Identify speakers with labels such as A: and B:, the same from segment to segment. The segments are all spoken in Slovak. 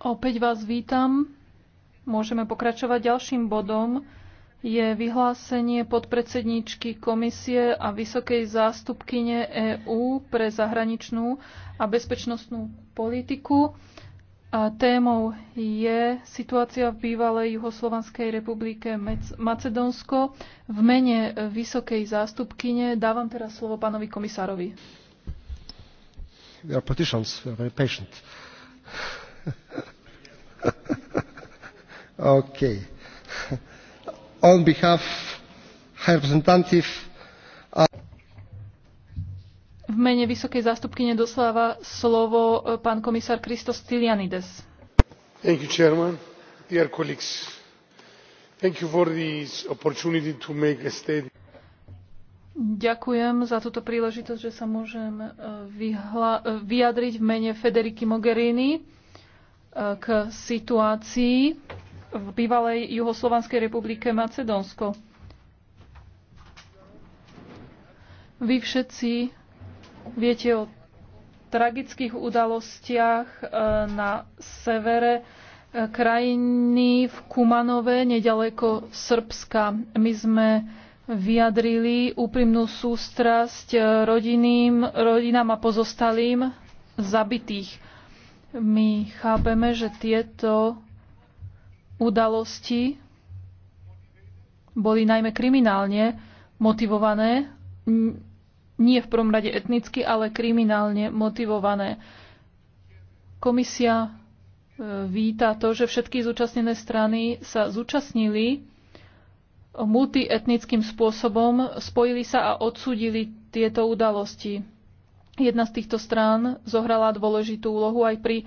A: Opäť vás vítam. Môžeme pokračovať ďalším bodom. Je vyhlásenie podpredsedníčky komisie a vysokej zástupkyne EÚ pre zahraničnú a bezpečnostnú politiku. A témou je situácia v bývalej Juhoslovanskej republike Macedónsko. V mene vysokej zástupkyne dávam teraz slovo pánovi komisárovi
B: are politicians are very patient. okay. On behalf High Representative uh,
A: v mene vysokej zástupky nedosláva slovo uh, pán komisár Kristos Stylianides.
C: Thank you, Chairman. Dear colleagues, thank you for this opportunity to make a statement.
A: Ďakujem za túto príležitosť, že sa môžem e, e, vyjadriť v mene Federiky Mogherini e, k situácii v bývalej Juhoslovanskej republike Macedónsko. Vy všetci viete o tragických udalostiach na severe krajiny v Kumanove, nedaleko Srbska. My sme vyjadrili úprimnú sústrasť eh, rodinným rodinám a pozostalým zabitých. My chápeme, že tieto udalosti boli najmä kriminálne motivované, nie v prvom rade etnicky, ale kriminálne motivované. Komisia eh, víta to, že všetky zúčastnené strany sa zúčastnili multietnickým spôsobom spojili sa a odsúdili tieto udalosti. Jedna z týchto strán zohrala dôležitú úlohu aj pri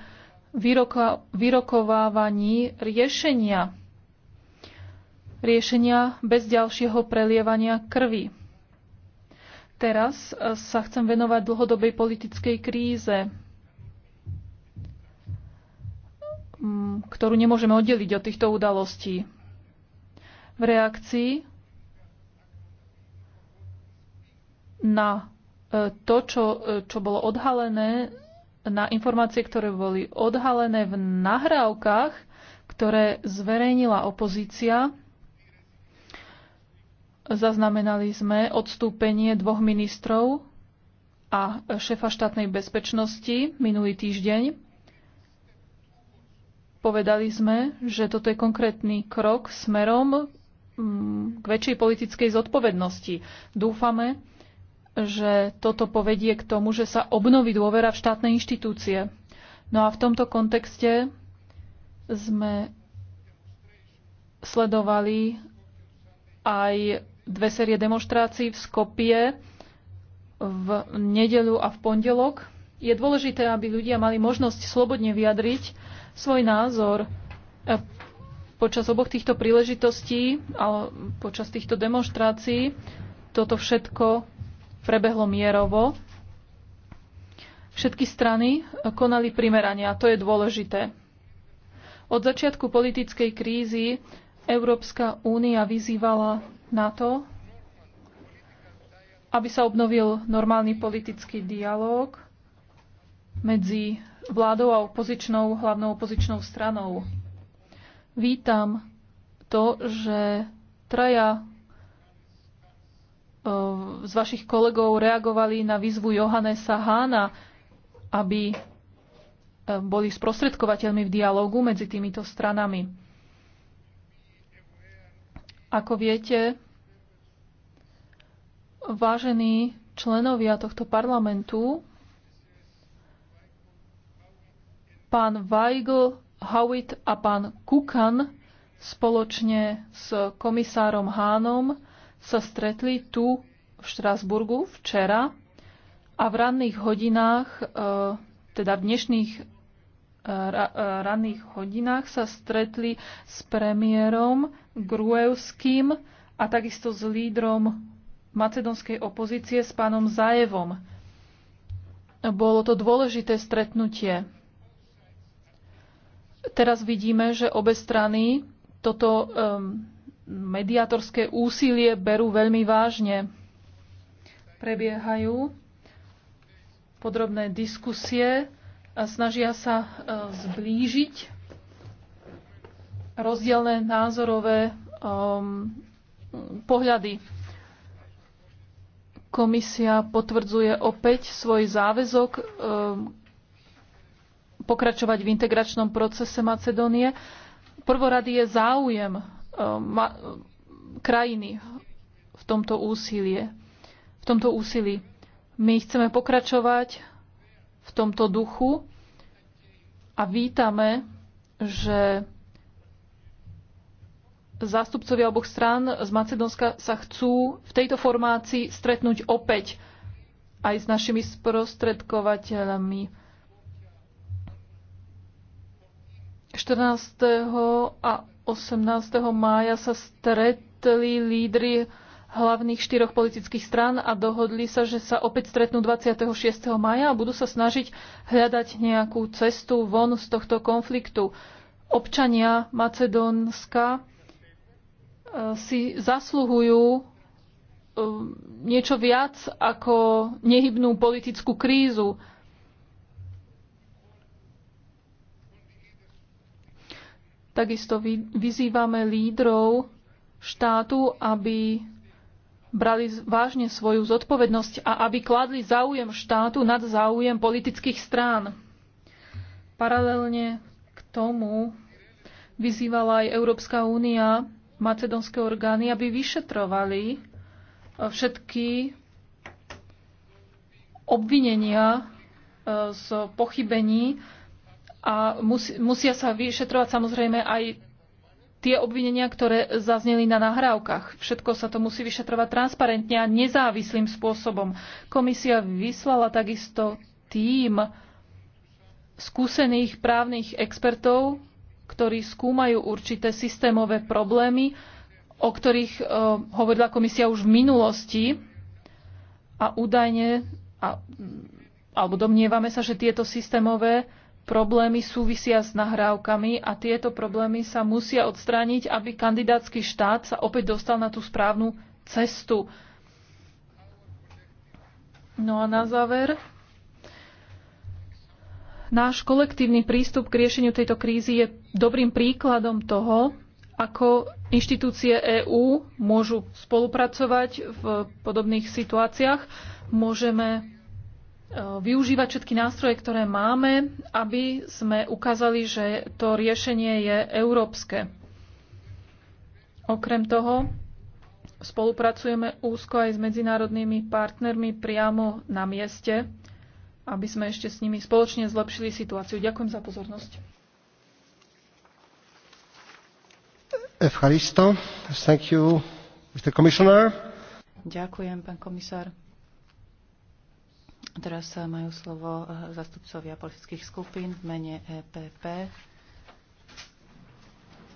A: vyroko- vyrokovávaní riešenia. Riešenia bez ďalšieho prelievania krvi. Teraz sa chcem venovať dlhodobej politickej kríze, ktorú nemôžeme oddeliť od týchto udalostí v reakcii na e, to, čo, e, čo bolo odhalené, na informácie, ktoré boli odhalené v nahrávkach, ktoré zverejnila opozícia. Zaznamenali sme odstúpenie dvoch ministrov a šefa štátnej bezpečnosti minulý týždeň. Povedali sme, že toto je konkrétny krok smerom Mm, k väčšej politickej zodpovednosti. Dúfame, že toto povedie k tomu, že sa obnoví dôvera v štátne inštitúcie. No a v tomto kontexte sme sledovali aj dve série demonstrácií v Skopie v nedelu a v pondelok. Je dôležité, aby ľudia mali možnosť slobodne vyjadriť svoj názor Počas oboch týchto príležitostí a počas týchto demonstrácií toto všetko prebehlo mierovo. Všetky strany konali primerania, a to je dôležité. Od začiatku politickej krízy Európska únia vyzývala na to, aby sa obnovil normálny politický dialog medzi vládou a opozičnou, hlavnou opozičnou stranou. Vítam to, že traja e, z vašich kolegov reagovali na výzvu Johannesa Hána, aby e, boli sprostredkovateľmi v dialogu medzi týmito stranami. Ako viete, vážení členovia tohto parlamentu, pán Weigl Howitt a pán Kukan spoločne s komisárom Hánom sa stretli tu v Štrasburgu včera a v ranných hodinách, e, teda v dnešných e, e, ranných hodinách sa stretli s premiérom Gruevským a takisto s lídrom macedonskej opozície s pánom Zajevom. Bolo to dôležité stretnutie. Teraz vidíme, že obe strany toto um, mediatorské úsilie berú veľmi vážne. Prebiehajú podrobné diskusie a snažia sa e, zblížiť rozdielne názorové um, pohľady. Komisia potvrdzuje opäť svoj záväzok um, pokračovať v integračnom procese Macedónie. Prvorady je záujem eh, eh, krajiny v tomto úsilie. V tomto úsilí. My chceme pokračovať v tomto duchu a vítame, že zástupcovia oboch strán z Macedónska sa chcú v tejto formácii stretnúť opäť aj s našimi sprostredkovateľmi. 14. a 18. mája sa stretli lídry hlavných štyroch politických strán a dohodli sa, že sa opäť stretnú 26. maja a budú sa snažiť hľadať nejakú cestu von z tohto konfliktu. Občania Macedónska e, si zasluhujú e, niečo viac ako nehybnú politickú krízu. Takisto vyzývame lídrov štátu, aby brali vážne svoju zodpovednosť a aby kladli záujem štátu nad záujem politických strán. Paralelne k tomu vyzývala aj Európska únia Macedonské orgány, aby vyšetrovali e, všetky obvinenia e, z pochybení a mus, musia sa vyšetrovať samozrejme aj tie obvinenia, ktoré zazneli na nahrávkach. Všetko sa to musí vyšetrovať transparentne a nezávislým spôsobom. Komisia vyslala takisto tým skúsených právnych expertov, ktorí skúmajú určité systémové problémy, o ktorých e, hovorila komisia už v minulosti a údajne, a, alebo domnievame sa, že tieto systémové problémy súvisia s nahrávkami a tieto problémy sa musia odstrániť, aby kandidátsky štát sa opäť dostal na tú správnu cestu. No a na záver, náš kolektívny prístup k riešeniu tejto krízy je dobrým príkladom toho, ako inštitúcie EÚ môžu spolupracovať v podobných situáciách. Môžeme E, využívať všetky nástroje, ktoré máme, aby sme ukázali, že to riešenie je európske. Okrem toho spolupracujeme úzko aj s medzinárodnými partnermi priamo na mieste, aby sme ešte s nimi spoločne zlepšili situáciu. Ďakujem za pozornosť.
B: Thank you, Mr. Commissioner.
D: Ďakujem, pán komisár. Teraz majú slovo eh, zastupcovia politických skupín v mene EPP.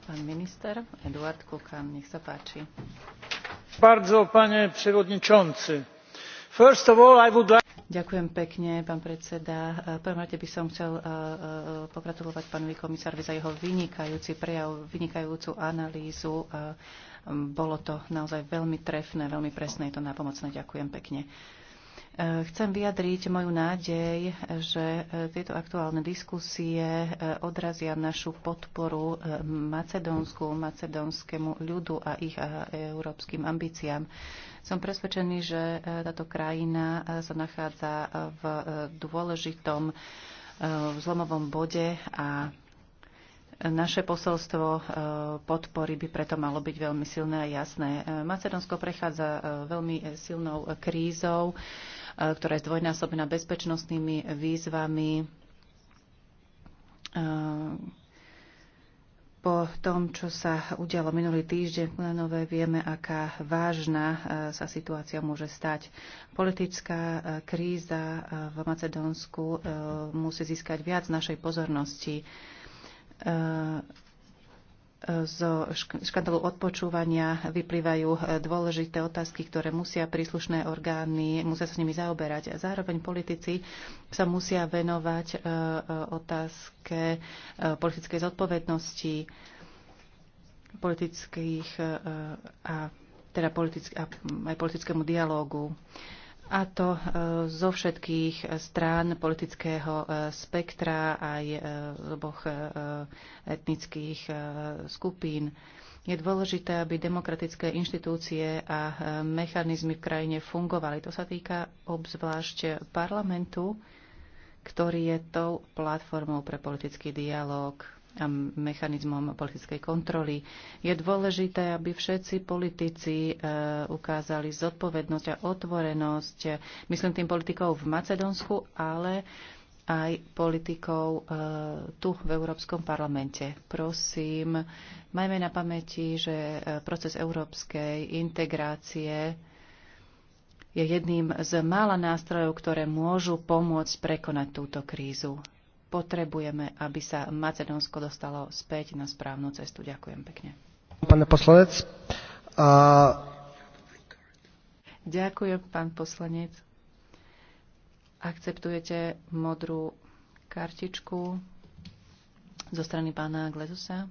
D: Pán minister Eduard Kukan, nech sa páči.
C: Bardzo, pane
D: przewodniczący. First of all, I would like... Ďakujem pekne, pán predseda. Eh, prvom rade by som chcel eh, pogratulovať pánovi komisárovi za jeho vynikajúci prejav, vynikajúcu analýzu. Bolo to naozaj veľmi trefné, veľmi presné, je to nápomocné. Ďakujem pekne. Eh, chcem vyjadriť moju nádej, že eh, tieto aktuálne diskusie eh, odrazia našu podporu Macedónsku, macedónskému ľudu a ich a európskym ambíciám. Som presvedčený, že táto krajina sa nachádza v dôležitom zlomovom bode a naše posolstvo podpory by preto malo byť veľmi silné a jasné. Macedónsko prechádza veľmi silnou krízou E, ktorá je zdvojnásobená bezpečnostnými výzvami. E, po tom, čo sa udialo minulý týždeň v Lenove, vieme, aká vážna e, sa situácia môže stať. Politická kríza v Macedónsku musí získať viac našej pozornosti z škandalu odpočúvania vyplývajú e, dôležité otázky, ktoré musia príslušné orgány, musia sa s nimi zaoberať. A zároveň politici sa musia venovať e, e, otázke politickej zodpovednosti politických a teda politick- a aj politickému dialógu a to e, zo všetkých strán politického e, spektra aj e, z oboch etnických skupín. Je dôležité, aby demokratické inštitúcie a mechanizmy v krajine fungovali. To sa týka obzvlášť parlamentu, ktorý je tou platformou pre politický dialog a mechanizmom politickej kontroly. Je dôležité, aby všetci politici e, ukázali zodpovednosť a otvorenosť, myslím tým politikov v Macedónsku, ale aj politikov e, tu v Európskom parlamente. Prosím, majme na pamäti, že e, proces európskej integrácie je jedným z mála nástrojov, ktoré môžu pomôcť prekonať túto krízu potrebujeme, aby sa Macedónsko dostalo späť na správnu cestu. Ďakujem pekne.
B: Pane poslanec. A...
D: Ďakujem, pán poslanec. Akceptujete modrú kartičku zo strany pána Glezusa?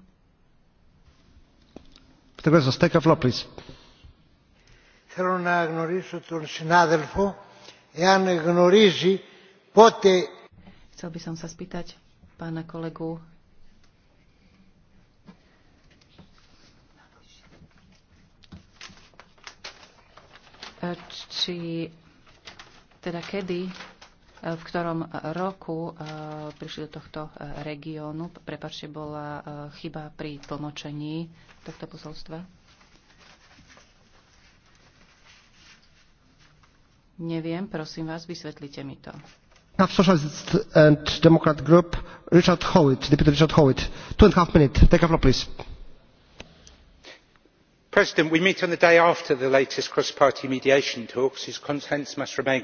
B: Glezus, take a floor, please. Θέλω να γνωρίσω τον συνάδελφο εάν γνωρίζει πότε Chcel by som sa spýtať pána kolegu
D: e, či teda kedy, e, v ktorom roku e, prišli do tohto regiónu. Prepačte, bola chyba pri tlmočení tohto posolstva. Neviem, prosím vás, vysvetlite mi to
B: president
C: we meet on the day after the latest cross party mediation talks whose contents must remain.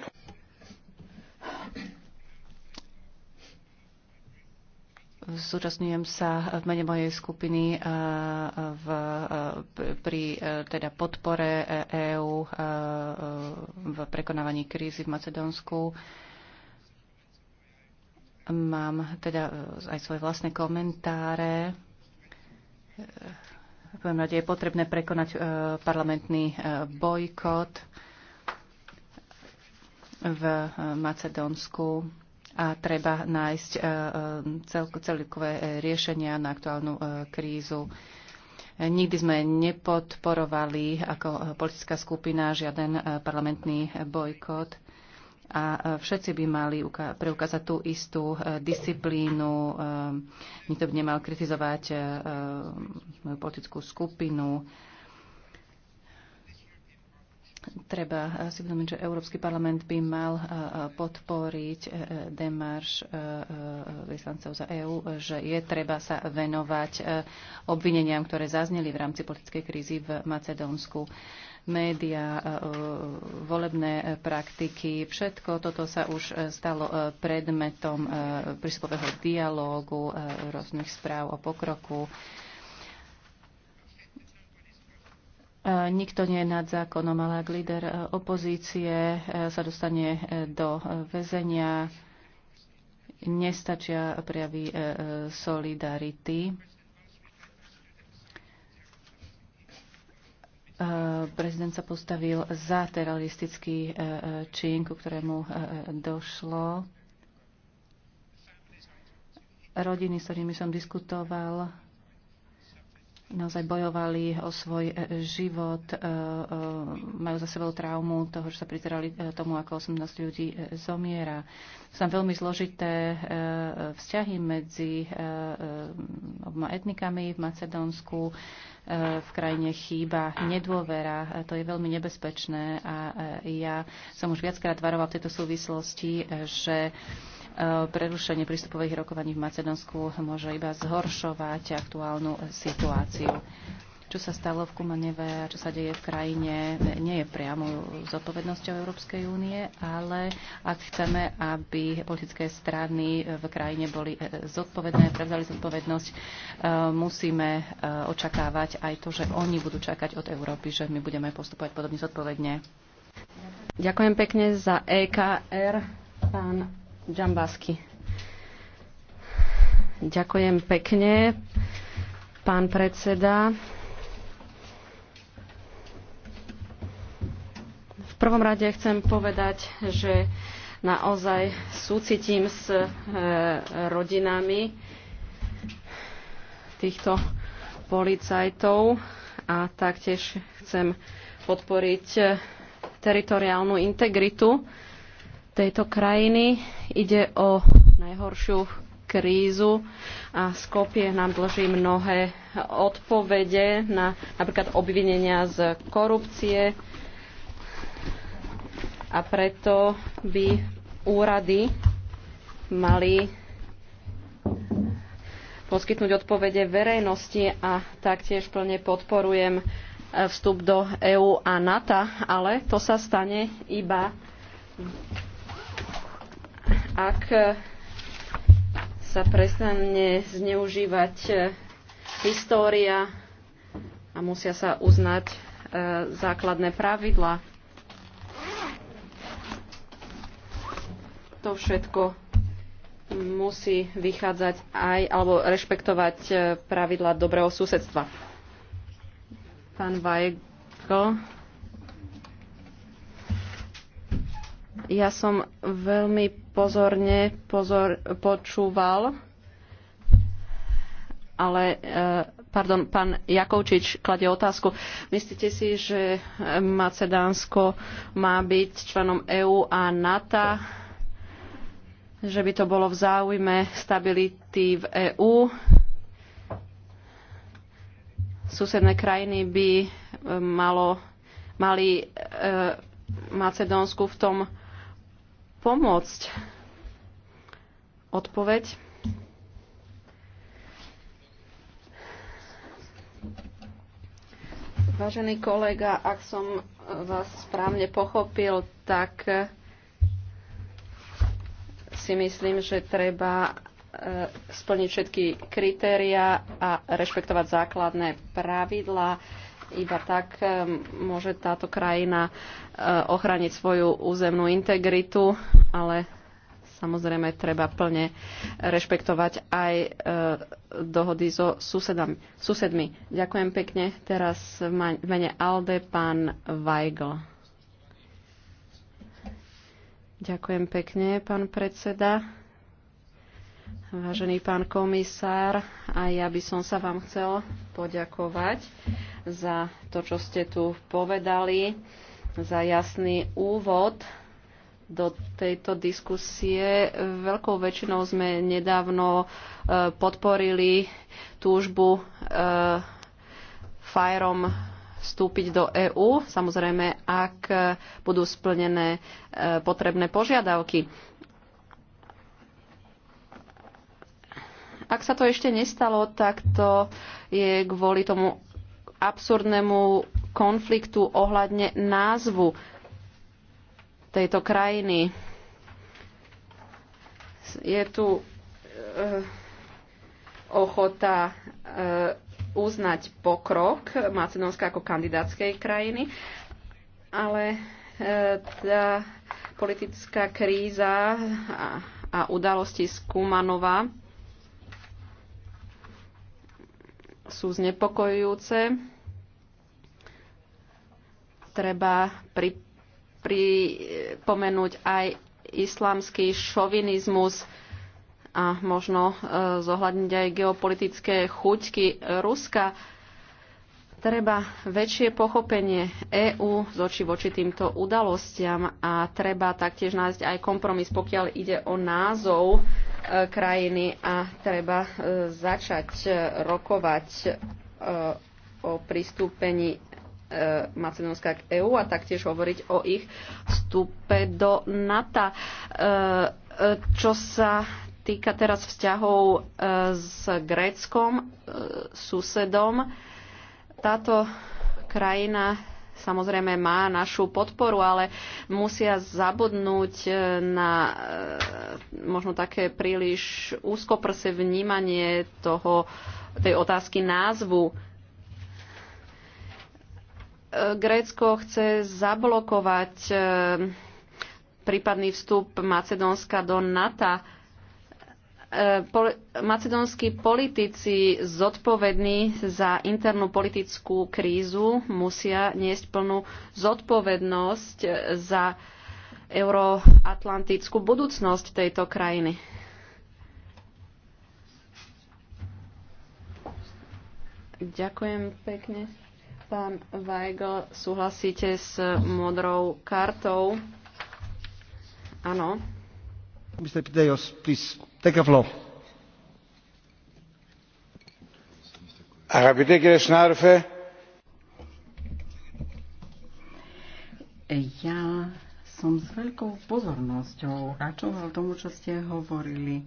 D: Zúčastňujem sa v mene mojej skupiny eh, v, eh, pri eh, teda podpore EÚ e v prekonávaní krízy v Macedónsku Mám teda e, aj svoje vlastné komentáre. V e, prvom rade je potrebné prekonať e, parlamentný bojkot v Macedónsku a treba nájsť celkové riešenia na aktuálnu krízu. Nikdy sme nepodporovali ako politická skupina žiaden parlamentný bojkot a e, všetci by mali preukázať tú istú e, disciplínu. E, nikto by nemal kritizovať moju politickú skupinu. Treba si uvedomiť, že Európsky parlament by mal podporiť demarš vyslancov za EÚ, že je treba sa venovať obvineniam, ktoré zazneli v rámci politickej krízy v Macedónsku média, e, e, volebné praktiky. Všetko toto sa už e, stalo predmetom prístupového dialógu, rôznych správ o pokroku. Nikto nie je nad zákonom, ale ak líder opozície sa dostane do väzenia, nestačia prejavy solidarity Eh, prezident sa postavil za teroristický eh, eh, čin, ku ktorému došlo. Rodiny, s ktorými som diskutoval, naozaj bojovali o svoj e, život, e, e, majú za sebou traumu toho, že sa prizerali tomu, ako 18 ľudí zomiera. Sú tam veľmi zložité vzťahy medzi oboma etnikami v Macedónsku. V krajine chýba nedôvera. To je veľmi nebezpečné a ja som už viackrát varoval v tejto súvislosti, že E, prerušenie prístupových rokovaní v Macedónsku môže iba zhoršovať aktuálnu situáciu. Čo sa stalo v Kumaneve a čo sa deje v krajine, nie je priamo zodpovednosťou Európskej únie, ale ak chceme, aby politické strany v krajine boli e, zodpovedné, prevzali zodpovednosť, e, musíme očakávať aj to, že oni budú čakať od Európy, že my budeme postupovať podobne zodpovedne.
E: Ďakujem pekne za EKR, pán Džambásky. Ďakujem pekne, pán predseda. V prvom rade chcem povedať, že naozaj súcitím s e, rodinami týchto policajtov a taktiež chcem podporiť e, teritoriálnu integritu tejto krajiny. Ide o najhoršiu krízu a Skopie nám dlží mnohé odpovede na napríklad obvinenia z korupcie a preto by úrady mali poskytnúť odpovede verejnosti a taktiež plne podporujem e, vstup do EÚ a NATO, ale to sa stane iba ak sa prestane zneužívať e, história a musia sa uznať e, základné pravidla. To všetko musí vychádzať aj alebo rešpektovať e, pravidla dobrého susedstva. Pán Vajko. Ja som veľmi pozorne pozor, počúval, ale eh, pardon, pán Jakovčič kladie otázku. Myslíte si, že Macedánsko má byť členom EÚ a NATO? Že by to bolo v záujme stability v EÚ? Susedné krajiny by eh, malo, mali e, Macedónsku v tom pomôcť? Odpoveď. Vážený kolega, ak som vás správne pochopil, tak eh, si myslím, že treba eh, splniť všetky kritéria a rešpektovať základné pravidlá. Iba tak e, môže táto krajina e, ochraniť svoju územnú integritu, ale samozrejme treba plne rešpektovať aj e, dohody so susedami, susedmi. Ďakujem pekne. Teraz v mene Alde pán Weigl. Ďakujem pekne, pán predseda. Vážený pán komisár, a ja by som sa vám chcel poďakovať za to, čo ste tu povedali, za jasný úvod do tejto diskusie. Veľkou väčšinou sme nedávno e, podporili túžbu e, Fajrom vstúpiť do EÚ, samozrejme, ak budú splnené e, potrebné požiadavky. Ak sa to ešte nestalo, tak to je kvôli tomu absurdnému konfliktu ohľadne názvu tejto krajiny. Je tu eh, ochota eh, uznať pokrok Macedónska ako kandidátskej krajiny, ale eh, tá politická kríza a, a udalosti z Kumanova sú znepokojujúce. Treba pri, pripomenúť aj islamský šovinizmus a možno e, zohľadniť aj geopolitické chuťky Ruska. Treba väčšie pochopenie EÚ z oči voči týmto udalostiam a treba taktiež nájsť aj kompromis, pokiaľ ide o názov krajiny a treba e, začať e, rokovať e, o pristúpení Macedónska k EÚ a taktiež hovoriť o ich vstupe do NATO. Čo sa týka teraz vzťahov s Gréckom, susedom, táto krajina samozrejme má našu podporu, ale musia zabudnúť e, na e, možno také príliš úzkoprse vnímanie toho, tej otázky názvu. E, Grécko chce zablokovať prípadný vstup Macedónska do NATO E, macedónsky politici zodpovední za internú politickú krízu musia niesť plnú zodpovednosť za euroatlantickú budúcnosť tejto krajiny. Ďakujem pekne. Pán Weigl, súhlasíte s modrou kartou? Áno.
B: Mr. Pidejos, please. Αγαπητέ κύριε
F: συνάδελφε, Ja som s veľkou pozornosťou načúval tomu, čo ste hovorili.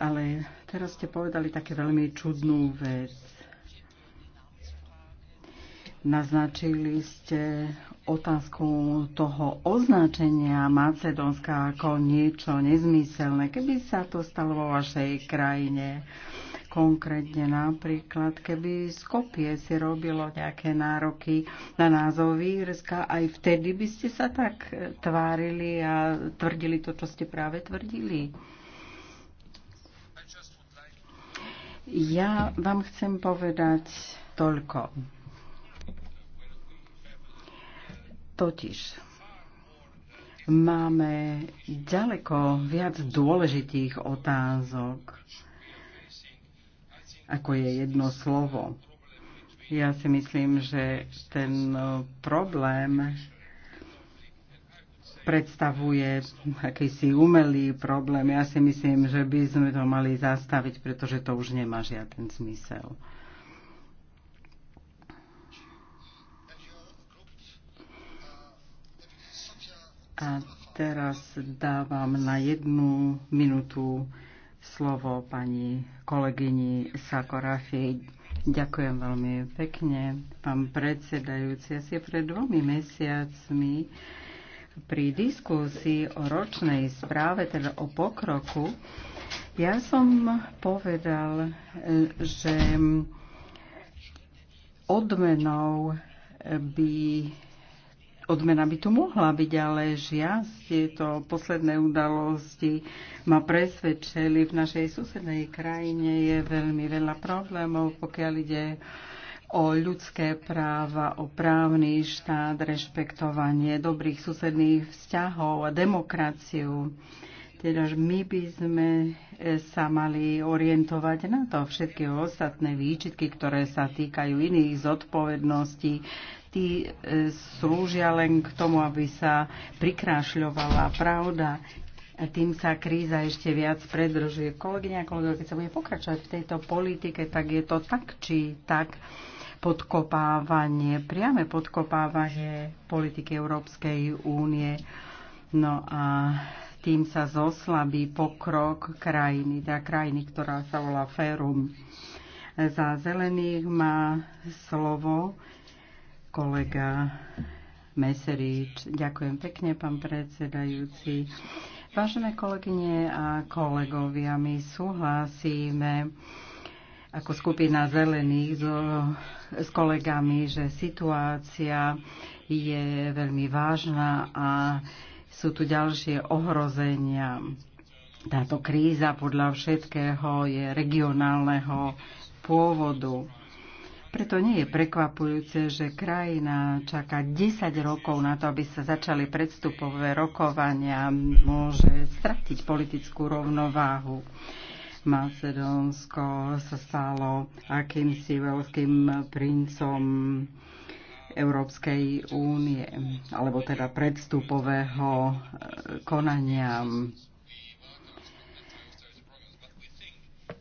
F: Ale teraz ste povedali také veľmi čudnú vec. Naznačili ste otázku toho označenia Macedónska ako niečo nezmyselné, keby sa to stalo vo vašej krajine. Konkrétne napríklad, keby Skopie si robilo nejaké nároky na názov Výrska, aj vtedy by ste sa tak e, tvárili a tvrdili to, čo ste práve tvrdili. Ja vám chcem povedať toľko Totiž máme ďaleko viac dôležitých otázok, ako je jedno slovo. Ja si myslím, že ten problém predstavuje akýsi umelý problém. Ja si myslím, že by sme to mali zastaviť, pretože to už nemá žiaden zmysel. A teraz dávam na jednu minútu slovo pani kolegyni Sakorafi. Ďakujem veľmi pekne. Pán predsedajúci, asi pred dvomi mesiacmi pri diskusii o ročnej správe, teda o pokroku, ja som povedal, že odmenou by Odmena by tu mohla byť, ale žiaľ, tieto posledné udalosti ma presvedčili. V našej susednej krajine je veľmi veľa problémov, pokiaľ ide o ľudské práva, o právny štát, rešpektovanie dobrých susedných vzťahov a demokraciu. Teda my by sme e, sa mali orientovať na to všetky ostatné výčitky, ktoré sa týkajú iných zodpovedností, listy e, slúžia len k tomu, aby sa prikrášľovala pravda. Tým sa kríza ešte viac predržuje. Kolegyňa a kolegovia, keď sa bude pokračovať v tejto politike, tak je to tak či tak podkopávanie, priame podkopávanie politiky Európskej únie. No a tým sa zoslabí pokrok krajiny, teda krajiny, ktorá sa volá Férum. Za zelených má slovo kolega Meserič. Ďakujem pekne, pán predsedajúci. Vážené kolegyne a kolegovia, my súhlasíme ako skupina zelených so, s kolegami, že situácia je veľmi vážna a sú tu ďalšie ohrozenia. Táto kríza podľa všetkého je regionálneho pôvodu preto nie je prekvapujúce, že krajina čaká 10 rokov na to, aby sa začali predstupové rokovania, môže stratiť politickú rovnováhu. Macedónsko sa stalo akýmsi veľkým princom Európskej únie, alebo teda predstupového eh, konania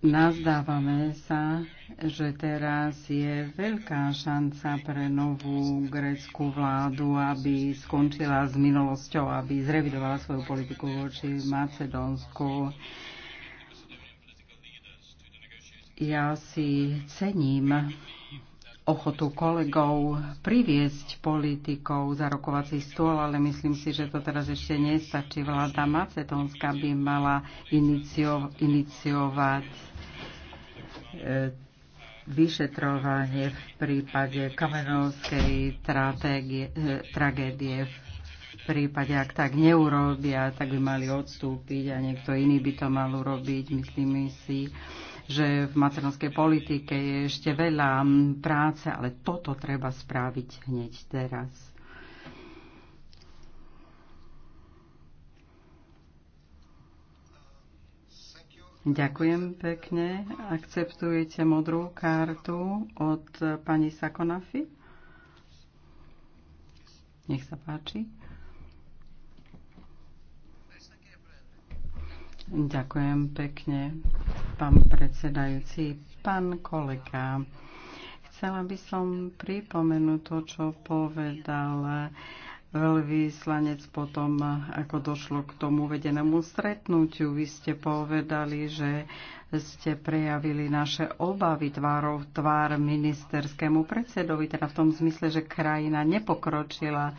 F: Nazdávame sa, že teraz je veľká šanca pre novú greckú vládu, aby skončila s minulosťou, aby zrevidovala svoju politiku voči Macedónsku. Ja si cením ochotu kolegov priviesť politikov za rokovací stôl, ale myslím si, že to teraz ešte nestačí. Vláda Macedónska by mala inicio, iniciovať vyšetrovanie v prípade kamenovskej tragédie. V prípade, ak tak neurobia, tak by mali odstúpiť a niekto iný by to mal urobiť. Myslím si, že v maternoskej politike je ešte veľa práce, ale toto treba spraviť hneď teraz. Ďakujem pekne. Akceptujete modrú kartu od pani Sakonafy? Nech sa páči. Ďakujem pekne, pán predsedajúci, pán kolega. Chcela by som pripomenúť to, čo povedal veľvyslanec potom, ako došlo k tomu vedenému stretnutiu, vy ste povedali, že ste prejavili naše obavy tvárov tvár ministerskému predsedovi, teda v tom zmysle, že krajina nepokročila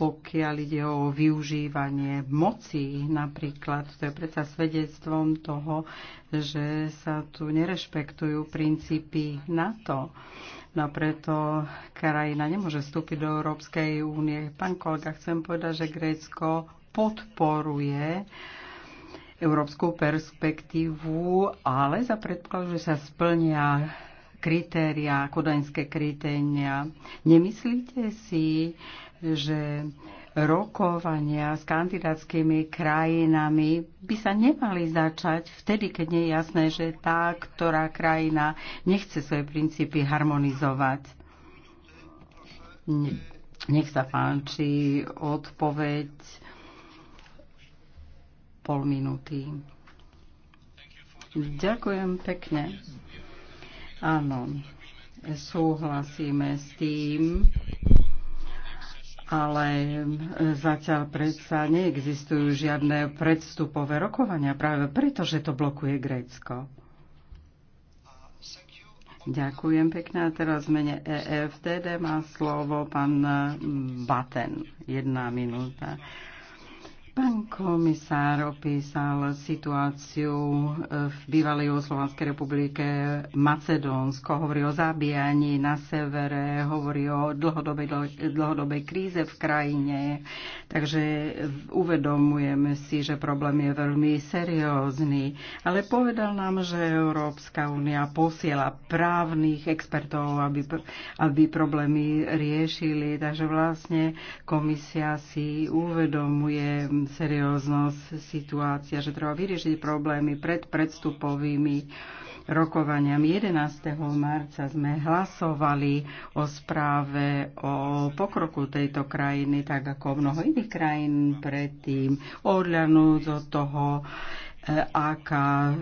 F: pokiaľ ide o využívanie moci napríklad. To je predsa svedectvom toho, že sa tu nerešpektujú princípy NATO. No a preto krajina nemôže vstúpiť do Európskej únie. Pán kolega, chcem povedať, že Grécko podporuje európsku perspektívu, ale za predpokladu, že sa splnia kritéria, kodaňské kritéria. Nemyslíte si, že rokovania s kandidátskymi krajinami by sa nemali začať vtedy, keď nie je jasné, že tá, ktorá krajina nechce svoje princípy harmonizovať. Nech sa páči odpoveď pol minúty. Ďakujem pekne. Áno, súhlasíme s tým, ale zatiaľ predsa neexistujú žiadne predstupové rokovania, práve preto, že to blokuje Grécko. Ďakujem pekne. A teraz mene EFTD má slovo pán Baten. Jedna minúta. Pán komisár opísal situáciu e, v bývalej Slovenskej republike Macedónsko. Hovorí o zabíjaní na severe, hovorí o dlhodobej, dlhodobej kríze v krajine. Takže uvedomujeme si, že problém je veľmi seriózny. Ale povedal nám, že Európska únia posiela právnych expertov, aby, aby problémy riešili. Takže vlastne komisia si uvedomuje serióznosť situácia, že treba vyriešiť problémy pred predstupovými rokovaniami. 11. marca sme hlasovali o správe o pokroku tejto krajiny, tak ako mnoho iných krajín predtým, odľanúc od toho, aká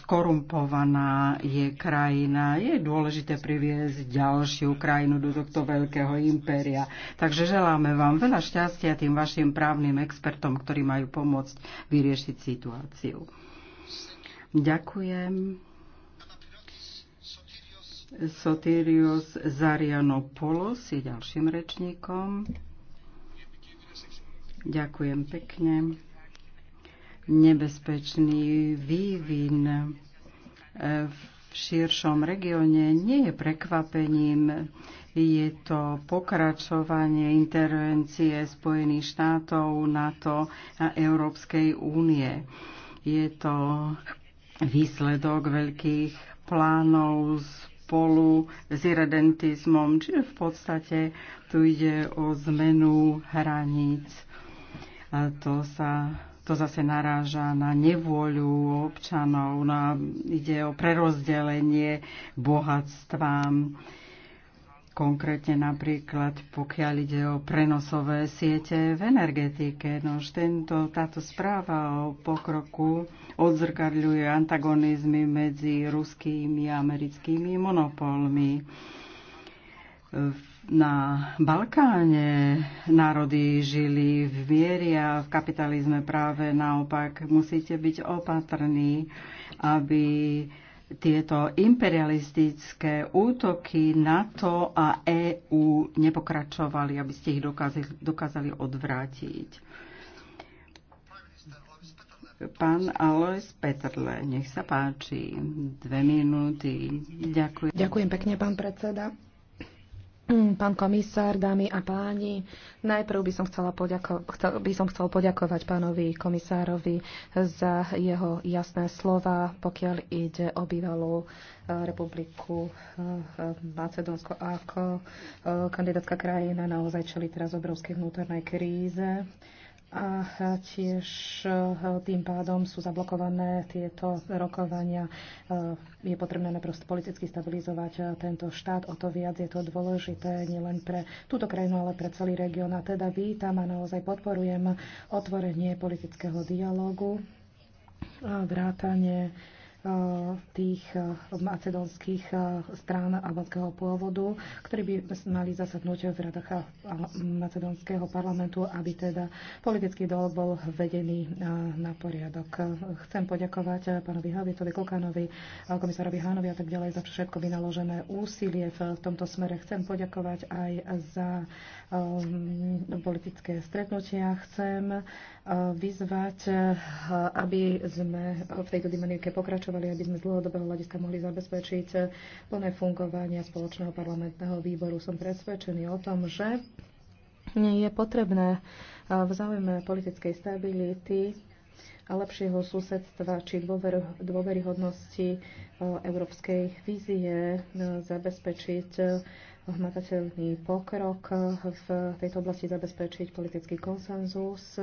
F: skorumpovaná je krajina. Je dôležité priviesť ďalšiu krajinu do tohto veľkého impéria. Takže želáme vám veľa šťastia tým vašim právnym expertom, ktorí majú pomôcť vyriešiť situáciu. Ďakujem. Sotirios Zarianopoulos je ďalším rečníkom. Ďakujem pekne nebezpečný vývin e, v širšom regióne nie je prekvapením. Je to pokračovanie intervencie Spojených štátov, NATO a Európskej únie. Je to výsledok veľkých plánov spolu s irredentizmom, čiže v podstate tu ide o zmenu hraníc. A to sa to zase naráža na nevôľu občanov, na, ide o prerozdelenie bohatstva. Konkrétne napríklad, pokiaľ ide o prenosové siete v energetike. Nož tento, táto správa o pokroku odzrkadľuje antagonizmy medzi ruskými a americkými monopolmi. V na Balkáne národy žili v miery a v kapitalizme práve naopak. Musíte byť opatrní, aby tieto imperialistické útoky NATO a EÚ nepokračovali, aby ste ich dokázali, dokázali odvrátiť. Pán Alois Petrle, nech sa páči. Dve minúty. Ďakujem. Ďakujem
G: pekne, pán predseda. Mm, pán komisár, dámy a páni, najprv by som, chcela poďako- chcel, by som chcel poďakovať pánovi komisárovi za jeho jasné slova, pokiaľ ide o bývalú e, republiku e, Macedónsko ako e, kandidátska krajina naozaj čeli teraz obrovskej vnútornej kríze a tiež e, tým pádom sú zablokované tieto rokovania. E, je potrebné najprv politicky stabilizovať e, tento štát, o to viac je to dôležité nielen pre túto krajinu, ale pre celý región. A teda vítam a naozaj podporujem otvorenie politického dialogu, vrátanie Eh, tých eh, macedónskych eh, strán albanského pôvodu, ktorí by mali zasadnúť v radách macedónskeho parlamentu, aby teda politický dolog bol vedený na poriadok. Chcem poďakovať pánovi Havitovi Kokanovi, komisárovi Hánovi a tak ďalej za všetko vynaložené úsilie v tomto smere. Chcem poďakovať aj za Um, politické stretnutia. Chcem uh, vyzvať, uh, aby sme v tejto dynamike pokračovali, aby sme z dlhodobého hľadiska mohli zabezpečiť uh, plné fungovanie spoločného parlamentného výboru. Som presvedčený o tom, že je potrebné v záujme politickej stability a lepšieho susedstva či dôver, dôveryhodnosti e, európskej vízie e, zabezpečiť e, hmatateľný pokrok v tejto oblasti zabezpečiť politický konsenzus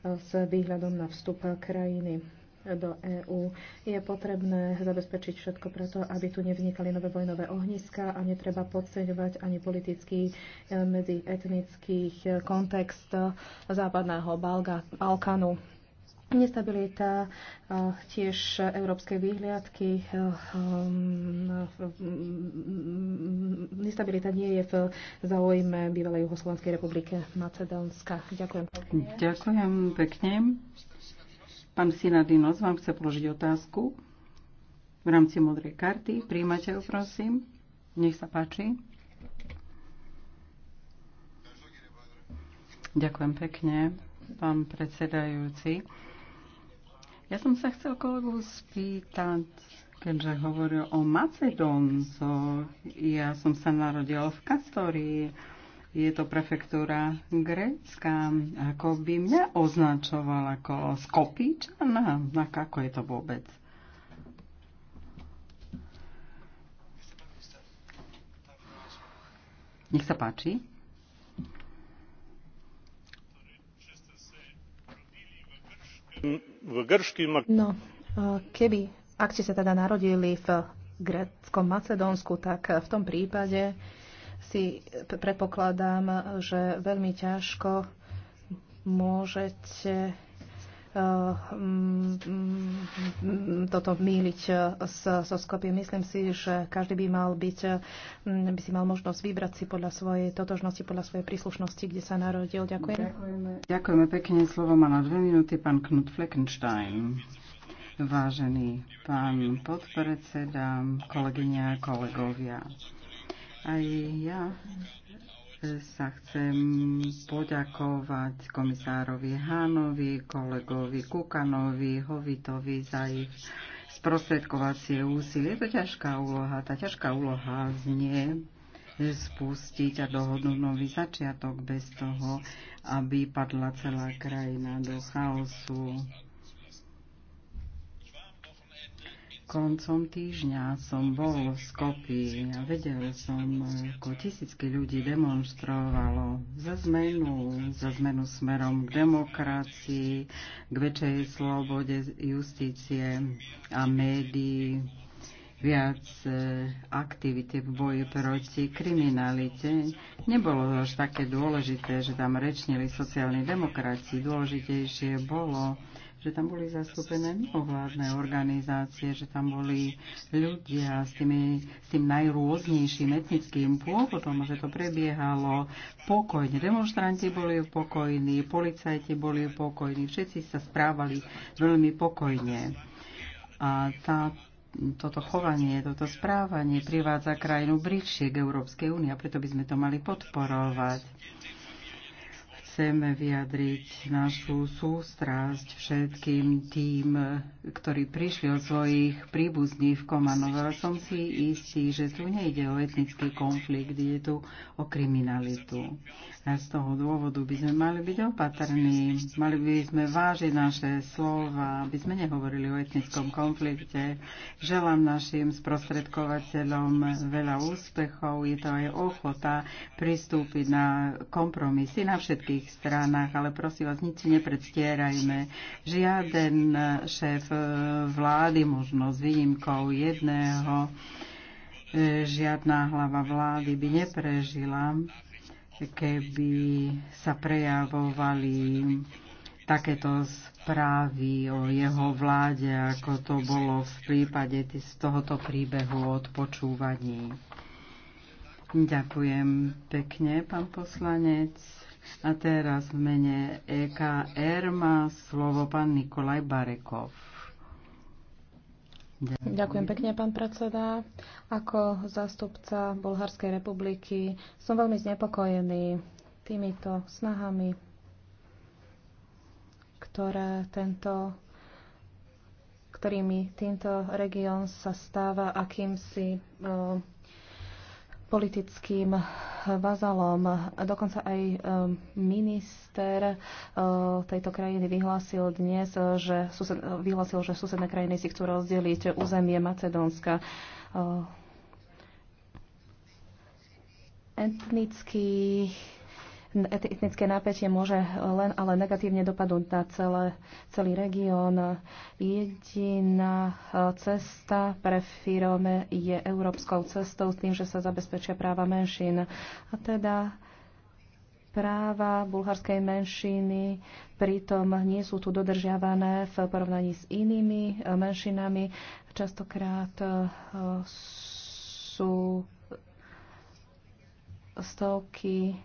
G: s výhľadom na vstup krajiny do EÚ. Je potrebné zabezpečiť všetko preto, aby tu nevznikali nové vojnové ohniska a netreba podceňovať ani politický medzietnický kontext západného Balkánu Nestabilita eh, tiež európskej výhliadky. Eh, hm, nestabilita nie je v záujme bývalej Juhoslovanskej republike Macedónska.
F: Ďakujem pekne. Ďakujem pekne. Pán Sinadinos vám chce položiť otázku v rámci modrej karty. Príjmate ju, prosím. Nech sa páči. Ďakujem pekne, pán predsedajúci. Ja som sa chcel kolegu spýtať, keďže hovoril o Macedóncoch. Ja som sa narodil v Kastorii. Je to prefektúra Grécka. Ako by mňa označoval ako Skopíčana? Ako je to vôbec? Nech sa páči.
C: No,
G: keby, ak ste sa teda narodili v greckom Macedónsku, tak v tom prípade si predpokladám, že veľmi ťažko môžete Eh, mm, mm, toto míliť eh, so Skopiem. Myslím si, že každý by mal byť, eh, by si mal možnosť vybrať si podľa svojej totožnosti, podľa svojej príslušnosti, kde sa narodil.
F: Ďakujem. Ďakujeme, Ďakujeme pekne. Slovo má na dve minúty pán Knut Fleckenstein. Vážený pán podpredseda, kolegyňa a kolegovia. Aj ja sa chcem poďakovať komisárovi Hánovi, kolegovi Kukanovi, Hovitovi za ich sprostredkovacie úsilie. Je to ťažká úloha. Tá ťažká úloha znie spustiť a dohodnúť nový začiatok bez toho, aby padla celá krajina do chaosu. koncom týždňa som bol v Skopí a vedel som, ako tisícky ľudí demonstrovalo za zmenu, za zmenu smerom k demokracii, k väčšej slobode justície a médií, viac e, aktivity v boji proti kriminalite. Nebolo až také dôležité, že tam rečnili sociálni demokracii, Dôležitejšie bolo, že tam boli zastúpené mimovládne organizácie, že tam boli ľudia s, tými, s tým najrôznejším etnickým pôvodom, že to prebiehalo pokojne. Demonstranti boli pokojní, policajti boli pokojní, všetci sa správali veľmi pokojne. A tá, toto chovanie, toto správanie privádza krajinu bližšie k Európskej únie a preto by sme to mali podporovať Chceme vyjadriť našu sústrasť všetkým tým, ktorí prišli od svojich príbuzných v Komanove. Ale som si istý, že tu nejde o etnický konflikt, ide tu o kriminalitu. A z toho dôvodu by sme mali byť opatrní, mali by sme vážiť naše slova, aby sme nehovorili o etnickom konflikte. Želám našim sprostredkovateľom veľa úspechov, je to aj ochota pristúpiť na kompromisy na všetkých všetkých stranách, ale prosím vás, nič si nepredstierajme. Žiaden eh, šéf eh, vlády, možno s výnimkou jedného, eh, žiadna hlava vlády by neprežila, keby sa prejavovali takéto správy o jeho vláde, ako to bolo v prípade z tohoto príbehu o odpočúvaní. Ďakujem pekne, pán poslanec. A teraz v mene EKR má slovo pán Nikolaj Barekov. Ďakujem. Ďakujem
G: pekne, pán predseda. Ako zástupca Bulharskej republiky som veľmi znepokojený týmito snahami, ktoré tento ktorými týmto región sa stáva akýmsi uh, politickým vazalom. Dokonca aj e, minister e, tejto krajiny vyhlásil dnes, že, sused, vyhlásil, že susedné krajiny si chcú rozdeliť územie Macedónska. E, Etnických etnické napätie môže len ale negatívne dopadnúť na celé, celý región. Jediná e, cesta pre firme je európskou cestou s tým, že sa zabezpečia práva menšín. A teda práva bulharskej menšiny pritom nie sú tu dodržiavané v porovnaní s inými e, menšinami. Častokrát e, sú stovky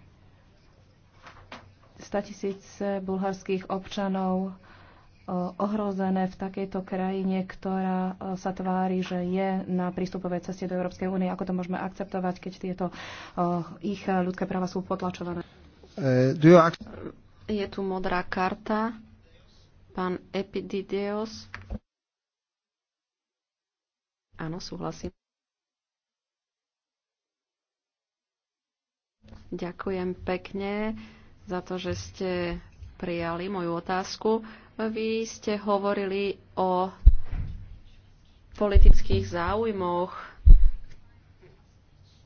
G: statisíce bulharských občanov ohrozené v takejto krajine, ktorá sa tvári, že je na prístupovej ceste do Európskej únie. Ako to môžeme akceptovať,
E: keď tieto ich ľudské práva sú potlačované? E, je tu modrá karta. Pán Epidideos. Áno, súhlasím. Ďakujem pekne za to, že ste prijali moju otázku. Vy ste hovorili o politických záujmoch,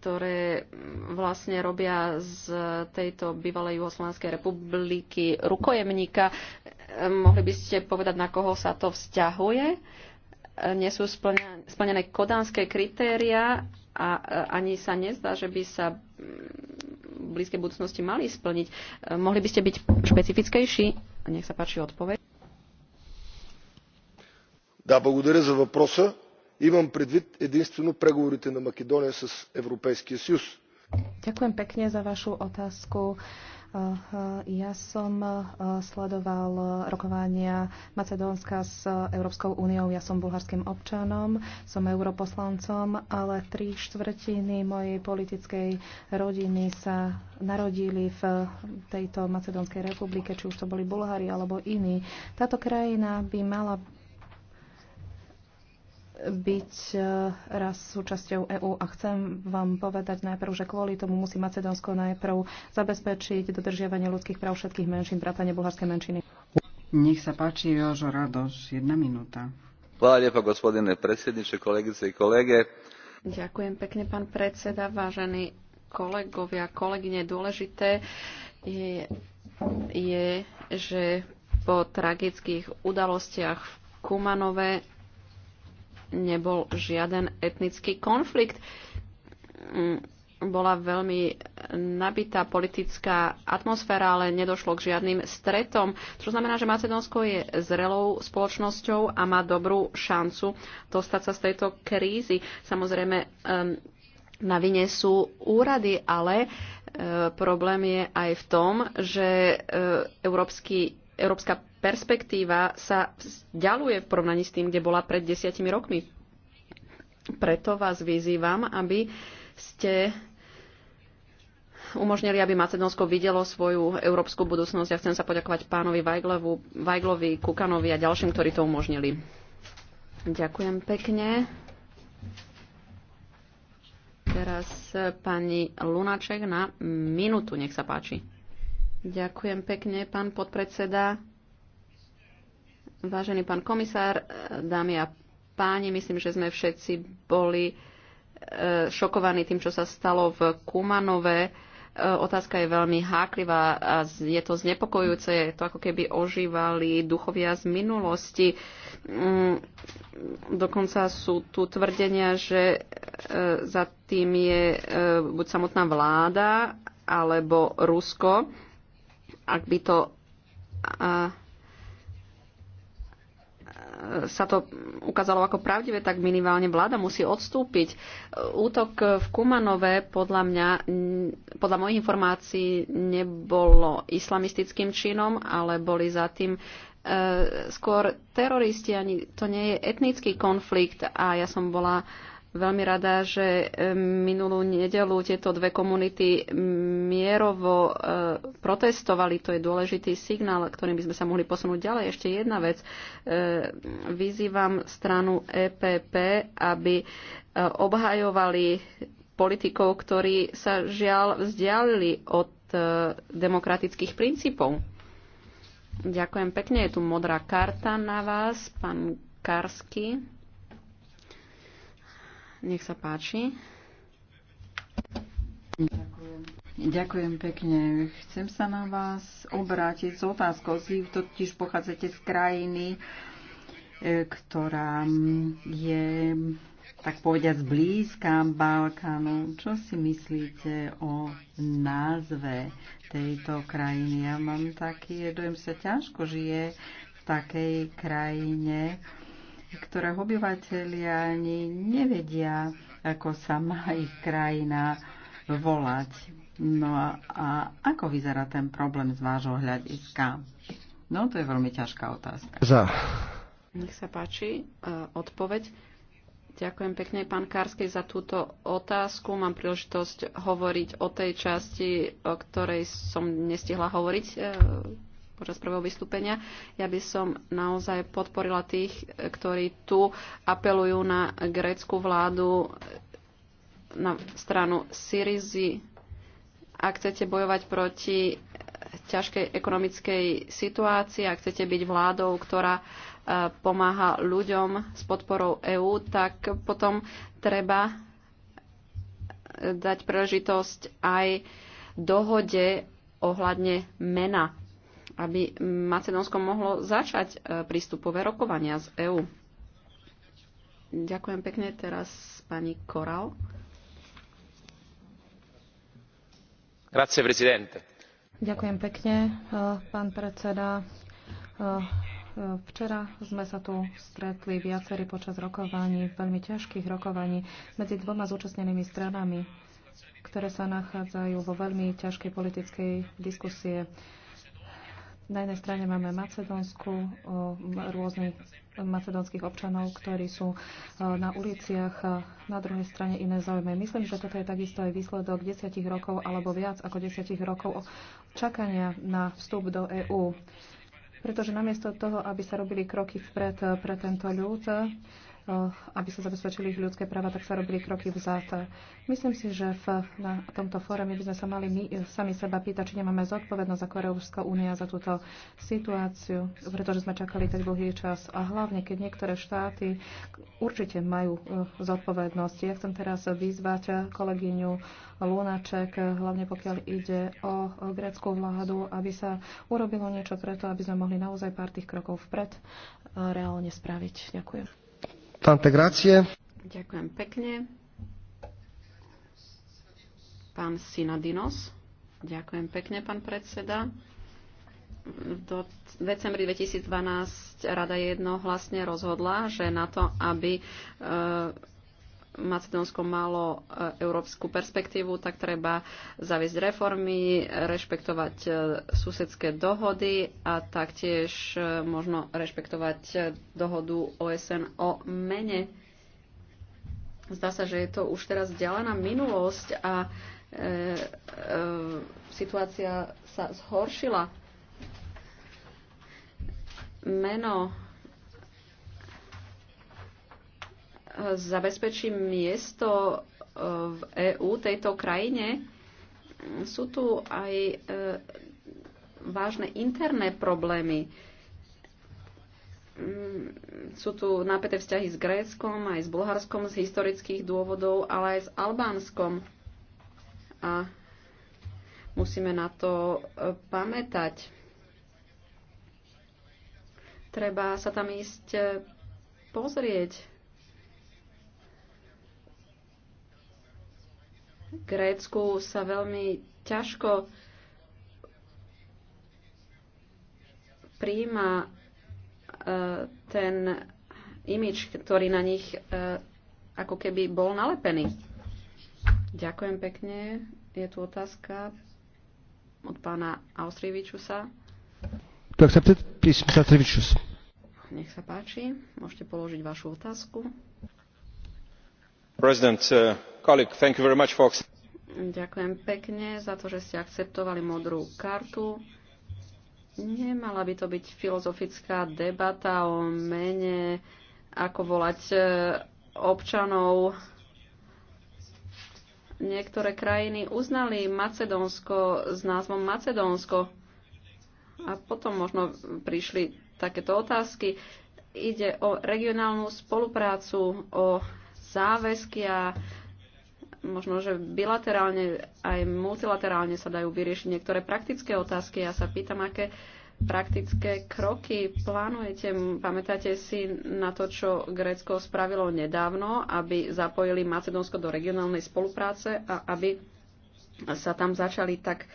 E: ktoré vlastne robia z tejto bývalej Jugoslovanskej republiky rukojemníka. Mohli by ste povedať, na koho sa to vzťahuje? Nie sú splnené kodánske kritéria a ani sa nezdá, že by sa v blízkej budúcnosti mali splniť. E, mohli by ste byť špecifickejší? Nech sa páči odpoveď.
B: Да, благодаря за въпроса. Имам предвид единствено преговорите на Македония с Европейския съюз.
G: Ďakujem pekne za vašu otázku. Uh, Eh, ja som eh, sledoval rokovania Macedónska s Európskou úniou. Ja som bulharským občanom, som europoslancom, ale tri štvrtiny mojej politickej rodiny sa narodili v tejto Macedónskej republike, či už to boli Bulhári alebo iní. Táto krajina by mala byť e, raz súčasťou EÚ a chcem vám povedať najprv, že kvôli tomu musí Macedónsko najprv zabezpečiť dodržiavanie ľudských práv všetkých
F: menšín, vrátane bulharskej menšiny. Nech sa páči, Jožo Radoš, jedna minúta.
D: Hvala lijepa, gospodine predsjedniče, kolegice i kolege.
E: Ďakujem pekne, pán predseda, vážení kolegovia, kolegyne. Dôležité je, je že po tragických udalostiach v Kumanove nebol žiaden etnický konflikt. Mm, bola veľmi nabitá politická atmosféra, ale nedošlo k žiadnym stretom, čo znamená, že Macedónsko je zrelou spoločnosťou a má dobrú šancu dostať sa z tejto krízy. Samozrejme, na vine sú úrady, ale e, problém je aj v tom, že e, Európsky európska perspektíva sa vzdialuje v porovnaní s tým, kde bola pred desiatimi rokmi. Preto vás vyzývam, aby ste umožnili, aby Macedónsko videlo svoju európsku budúcnosť. Ja chcem sa poďakovať pánovi Vajglovu, Vajglovi, Kukanovi a ďalším, ktorí to umožnili. Ďakujem pekne. Teraz eh, pani Lunaček na minútu, nech sa páči. Ďakujem pekne, pán podpredseda. Vážený pán komisár, dámy a páni, myslím, že sme všetci boli e, šokovaní tým, čo sa stalo v Kumanove. E, otázka je veľmi háklivá a je to znepokojúce. Je to ako keby ožívali duchovia z minulosti. Mm, dokonca sú tu tvrdenia, že e, za tým je buď samotná vláda alebo Rusko ak by to a, sa to ukázalo ako pravdivé, tak minimálne vláda musí odstúpiť. Útok v Kumanove podľa mňa, podľa mojich informácií nebolo islamistickým činom, ale boli za tým e, skôr teroristi, ani to nie je etnický konflikt a ja som bola veľmi rada, že e, minulú nedelu tieto dve komunity mierovo e, protestovali. To je dôležitý signál, ktorým by sme sa mohli posunúť ďalej. Ešte jedna vec. E, vyzývam stranu EPP, aby obhajovali politikov, ktorí sa žiaľ vzdialili od demokratických princípov. Ďakujem pekne. Je tu modrá karta na vás, pán Karsky. Nech sa páči. Ďakujem.
F: Ďakujem pekne. Chcem sa na vás obrátiť s otázkou. Vy totiž pochádzate z krajiny, e, ktorá je tak povediať blízka Balkánu. Čo si myslíte o názve tejto krajiny? Ja mám taký dojem, sa ťažko žije v takej krajine, ktorých obyvateľia ani nevedia, ako sa má ich krajina volať. No a, a ako vyzerá ten problém z vášho hľadiska? No to je veľmi ťažká otázka. Za.
E: Nech sa páči, e, odpoveď. Ďakujem pekne, pán Karskej, za túto otázku. Mám príležitosť hovoriť o tej časti, o ktorej som nestihla hovoriť e, počas prvého vystúpenia. Ja by som naozaj podporila tých, ktorí tu apelujú na grécku vládu na stranu Syrizy. Ak chcete bojovať proti ťažkej ekonomickej situácii, ak chcete byť vládou, ktorá e, pomáha ľuďom s podporou EÚ, tak potom treba e, dať príležitosť aj dohode ohľadne mena aby Macedónsko mohlo začať e, prístupové rokovania z EÚ. Ďakujem pekne teraz pani Koral.
D: Grazie, presidente.
E: Ďakujem pekne, e,
G: pán predseda. E, včera sme sa tu stretli viacerí počas rokovaní, veľmi ťažkých rokovaní medzi dvoma zúčastnenými stranami, ktoré sa nachádzajú vo veľmi ťažkej politickej diskusie. Na jednej strane máme Macedónsku, rôznych macedónskych občanov, ktorí sú e, na uliciach, na druhej strane iné záujmy. Myslím, že toto je takisto aj výsledok desiatich rokov alebo viac ako desiatich rokov čakania na vstup do EÚ. Pretože namiesto toho, aby sa robili kroky vpred e, pre tento ľud, Eh, aby sa zabezpečili ľudské práva, tak sa robili kroky vzad. Myslím si, že v, na tomto fóre my by sme sa mali my, sami seba pýtať, či nemáme zodpovednosť ako Európska únia za túto situáciu, pretože sme čakali tak dlhý čas. A hlavne, keď niektoré štáty určite majú eh, zodpovednosť. Ja chcem teraz vyzvať kolegyňu Lunaček, hlavne pokiaľ ide o grécku vládu, aby sa urobilo niečo preto, aby sme mohli naozaj pár tých krokov vpred eh, reálne spraviť. Ďakujem.
B: Tante grazie.
E: Ďakujem pekne. Pán Synodinos. Ďakujem pekne, pán predseda. Do decembri 2012 rada jednohlasne rozhodla, že na to, aby e, Macedónsko malo e, európsku perspektívu, tak treba zaviesť reformy, rešpektovať e, susedské dohody a taktiež e, možno rešpektovať dohodu OSN o mene. Zdá sa, že je to už teraz vzdialená minulosť a e, e, situácia sa zhoršila. Meno zabezpečí miesto e, v EÚ tejto krajine. Sú tu aj e, vážne interné problémy. Mm, sú tu napäté vzťahy s Gréckom, aj s Bulharskom z historických dôvodov, ale aj s Albánskom. A musíme na to e, pamätať. Treba sa tam ísť pozrieť Grécku sa veľmi ťažko príjma e, ten imič, ktorý na nich e, ako keby bol nalepený. Ďakujem pekne. Je tu otázka od pána Austrivičusa. Tak sa Nech sa páči, môžete položiť vašu otázku.
B: Uh,
E: Ďakujem pekne za to, že ste akceptovali modrú kartu. Nemala by to byť filozofická debata o mene, ako volať uh, občanov. Niektoré krajiny uznali Macedónsko s názvom Macedónsko a potom možno prišli takéto otázky. Ide o regionálnu spoluprácu, o záväzky a možno, že bilaterálne aj multilaterálne sa dajú vyriešiť niektoré praktické otázky. Ja sa pýtam, aké praktické kroky plánujete? Pamätáte si na to, čo Grécko spravilo nedávno, aby zapojili Macedónsko do regionálnej spolupráce a aby sa tam začali tak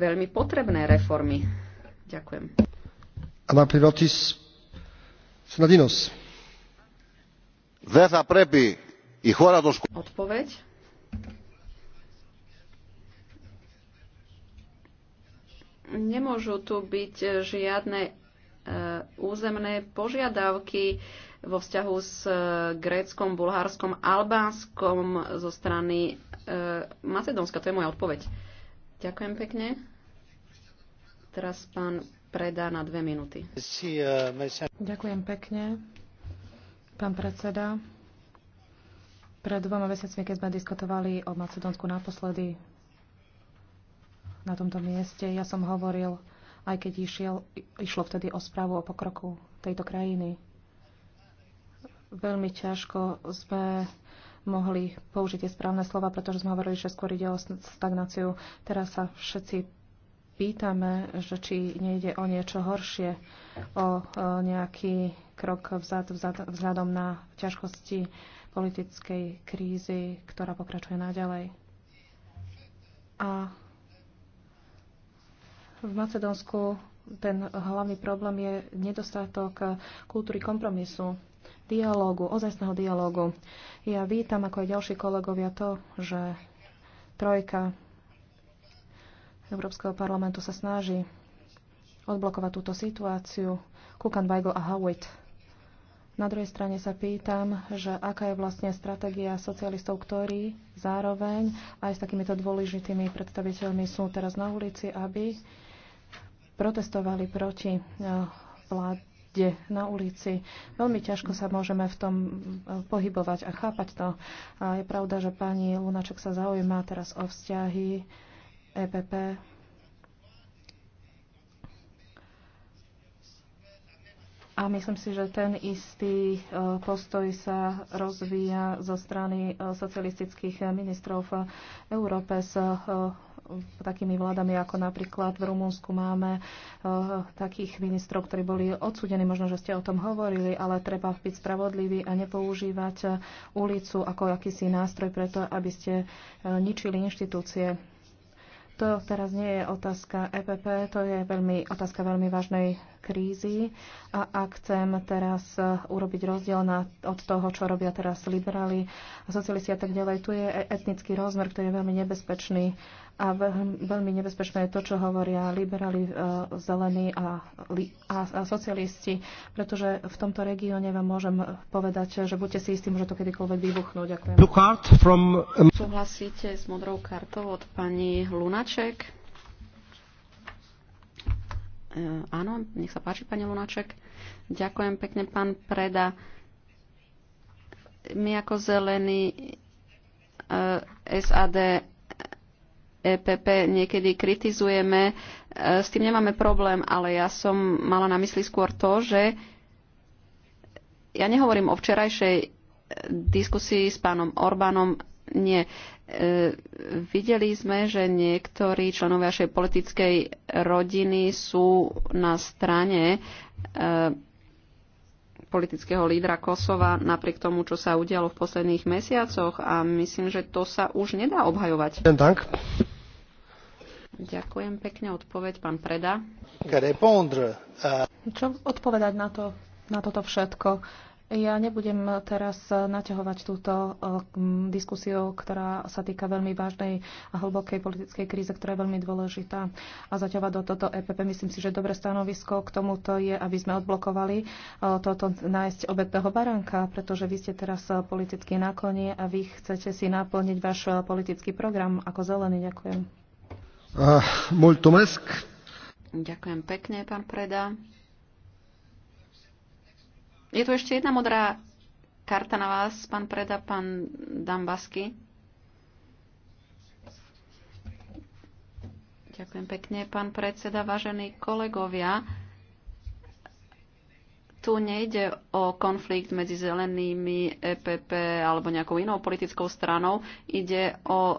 E: veľmi potrebné reformy? Ďakujem.
B: Anapyrotis Snadinos. Δεν sa prepi Odpoveď?
E: Nemôžu tu byť žiadne e, územné požiadavky vo vzťahu s e, Gréckom, Bulharskom, Albánskom zo strany e, Macedónska. To je moja odpoveď. Ďakujem pekne. Teraz pán predá na dve minúty.
B: Ďakujem pekne,
E: pán
G: predseda. Pred dvoma mesiacmi, keď sme diskutovali o Macedónsku naposledy na tomto mieste, ja som hovoril, aj keď išiel, išlo vtedy o správu o pokroku tejto krajiny. Veľmi ťažko sme mohli použiť tie správne slova, pretože sme hovorili, že skôr ide o stagnáciu. Teraz sa všetci pýtame, že či nejde o niečo horšie, o e, nejaký krok vzad, vzad, vzhľadom na ťažkosti politickej krízy, ktorá pokračuje naďalej. A v Macedónsku ten hlavný problém je nedostatok kultúry kompromisu, dialógu, ozajstného dialógu. Ja vítam, ako aj ďalší kolegovia, to, že trojka Európskeho parlamentu sa snaží odblokovať túto situáciu. Kukan, Weigl a Howitt na druhej strane sa pýtam, že aká je vlastne stratégia socialistov, ktorí zároveň aj s takýmito dôležitými predstaviteľmi sú teraz na ulici, aby protestovali proti e, vláde na ulici. Veľmi ťažko sa môžeme v tom e, pohybovať a chápať to. A je pravda, že pani Lunaček sa zaujíma teraz o vzťahy EPP A myslím si, že ten istý e, postoj sa rozvíja zo strany e, socialistických ministrov v Európe s e, takými vládami, ako napríklad v Rumunsku máme takých ministrov, ktorí boli odsudení, možno, že ste o tom hovorili, ale treba byť spravodlivý a nepoužívať ulicu ako akýsi nástroj preto, aby ste ničili inštitúcie. To teraz nie je otázka EPP, to je veľmi, otázka veľmi vážnej krízy. A ak chcem teraz e, urobiť rozdiel na, od toho, čo robia teraz liberáli, socialisti a tak ďalej, tu je e- etnický rozmer, ktorý je veľmi nebezpečný a veľmi nebezpečné je to, čo hovoria liberáli, e, zelení a, a, a socialisti, pretože v tomto regióne vám môžem povedať, že buďte si istí, môže to kedykoľvek vybuchnúť. Ďakujem. From...
B: Um,
E: Súhlasíte s modrou kartou od pani Lunaček? Uh, áno, nech sa páči, pani Lunaček. Ďakujem pekne, pán Preda. My ako zelení uh, e, SAD EPP niekedy kritizujeme, e, s tým nemáme problém, ale ja som mala na mysli skôr to, že ja nehovorím o včerajšej e, diskusii s pánom Orbánom, nie. E, videli sme, že niektorí členovia vašej politickej rodiny sú na strane e, politického lídra Kosova napriek tomu, čo sa udialo v posledných mesiacoch a myslím, že to sa už nedá obhajovať. Ďakujem pekne. Odpoveď pán Preda. Eh, čo odpovedať na to, na toto všetko? Ja nebudem
G: teraz naťahovať túto e, diskusiu, ktorá sa týka veľmi vážnej a hlbokej politickej kríze, ktorá je veľmi dôležitá a zaťahovať do toto EPP. Myslím si, že dobré stanovisko k tomuto je, aby sme odblokovali e, toto nájsť obetného baranka, pretože vy ste teraz politicky naklonie a vy chcete si naplniť váš politický program ako
E: zelený. Ďakujem. Uh, Ďakujem pekne, pán Preda. Je tu ešte jedna modrá karta na vás, pán Preda, pán Dambasky. Ďakujem pekne, pán predseda, vážení kolegovia. Tu nejde o konflikt medzi zelenými EPP alebo nejakou inou politickou stranou. Ide o e,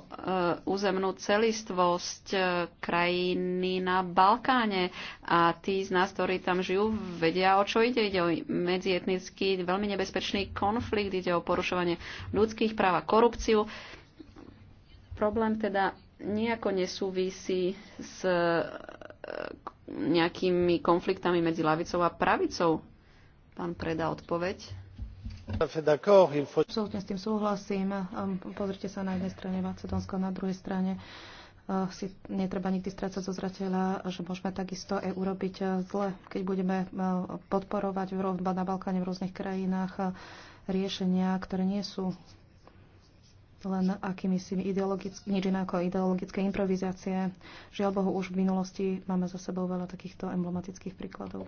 E: územnú celistvosť e, krajiny na Balkáne. A tí z nás, ktorí tam žijú, vedia, o čo ide. Ide o medzietnický, veľmi nebezpečný konflikt. Ide o porušovanie ľudských práv a korupciu. Problém teda nejako nesúvisí s e, nejakými konfliktami medzi lavicou a pravicou Pán Preda, odpoveď.
B: Absolutne
G: s tým súhlasím. Pozrite sa na jednej strane Macedónsko, na druhej strane e, si netreba nikdy strácať zo zrateľa, že môžeme takisto aj e urobiť e, zle, keď budeme podporovať na Balkáne v rôznych krajinách riešenia, ktoré nie sú len akými si ideologickými, nič iné ako ideologické improvizácie. Žiaľ Bohu, už v minulosti máme za sebou veľa takýchto emblematických príkladov.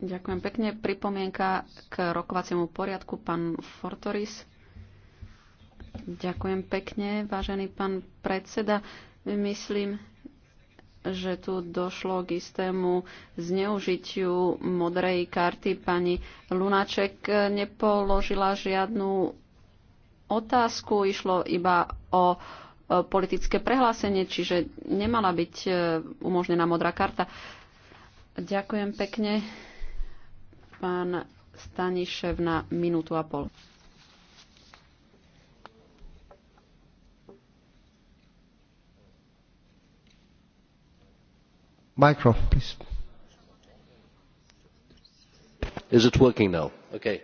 E: Ďakujem pekne. Pripomienka k rokovaciemu poriadku, pán Fortoris. Ďakujem pekne, vážený pán predseda. Myslím, že tu došlo k istému zneužitiu modrej karty. Pani Lunaček nepoložila žiadnu otázku, išlo iba o E, politické prehlásenie, čiže nemala byť e, umožnená modrá karta. Ďakujem pekne. Pán Stanišev na minútu a pol.
B: Micro, please. Is
D: it working now? Okay.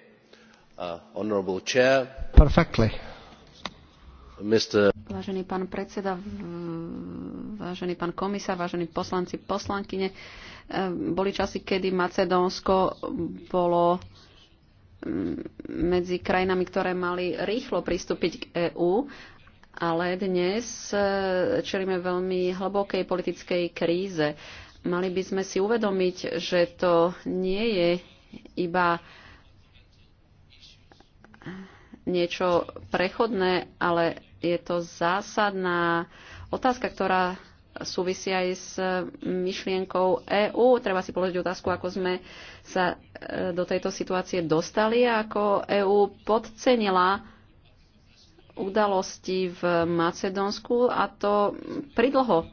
D: Uh, honorable Chair.
B: Perfectly
E: Vážený pán predseda, vážený pán komisár, vážení poslanci, poslankyne, eh, boli časy, kedy Macedónsko bolo mm, medzi krajinami, ktoré mali rýchlo pristúpiť k EÚ, ale dnes eh, čelíme veľmi hlbokej politickej kríze. Mali by sme si uvedomiť, že to nie je iba niečo prechodné, ale je to zásadná otázka, ktorá súvisí aj s myšlienkou EÚ. Treba si položiť otázku, ako sme sa e, do tejto situácie dostali a ako EÚ podcenila udalosti v Macedónsku a to pridlho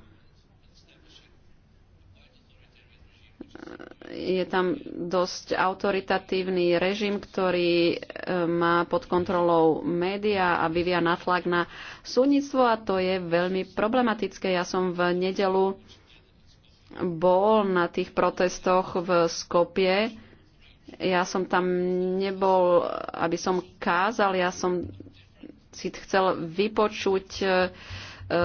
E: je tam dosť autoritatívny režim, ktorý e, má pod kontrolou média a vyvia natlak na súdnictvo a to je veľmi problematické. Ja som v nedelu bol na tých protestoch v Skopie. Ja som tam nebol, aby som kázal, ja som si chcel vypočuť e, e,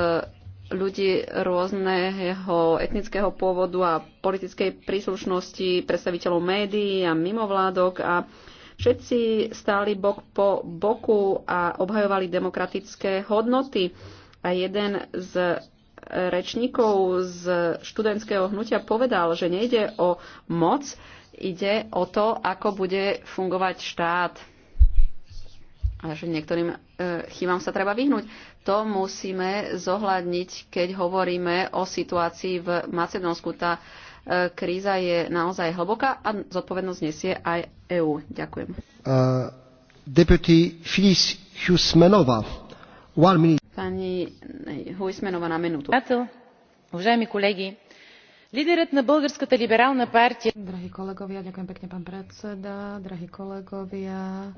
E: ľudí rôzneho etnického pôvodu a politickej príslušnosti, predstaviteľov médií a mimovládok a všetci stáli bok po boku a obhajovali demokratické hodnoty. A jeden z rečníkov z študentského hnutia povedal, že nejde o moc, ide o to, ako bude fungovať štát a že niektorým e, chybám sa treba vyhnúť. To musíme zohľadniť, keď hovoríme o situácii v Macedónsku. Tá e, kríza je naozaj hlboká a zodpovednosť nesie aj EÚ. Ďakujem. Uh, Pani Huismenova na minútu. Уважаеми колеги,
G: Líderът на Българската либерална партия... Драги колеговia, ďakujem pekne, pán predseda, drahí kolegovia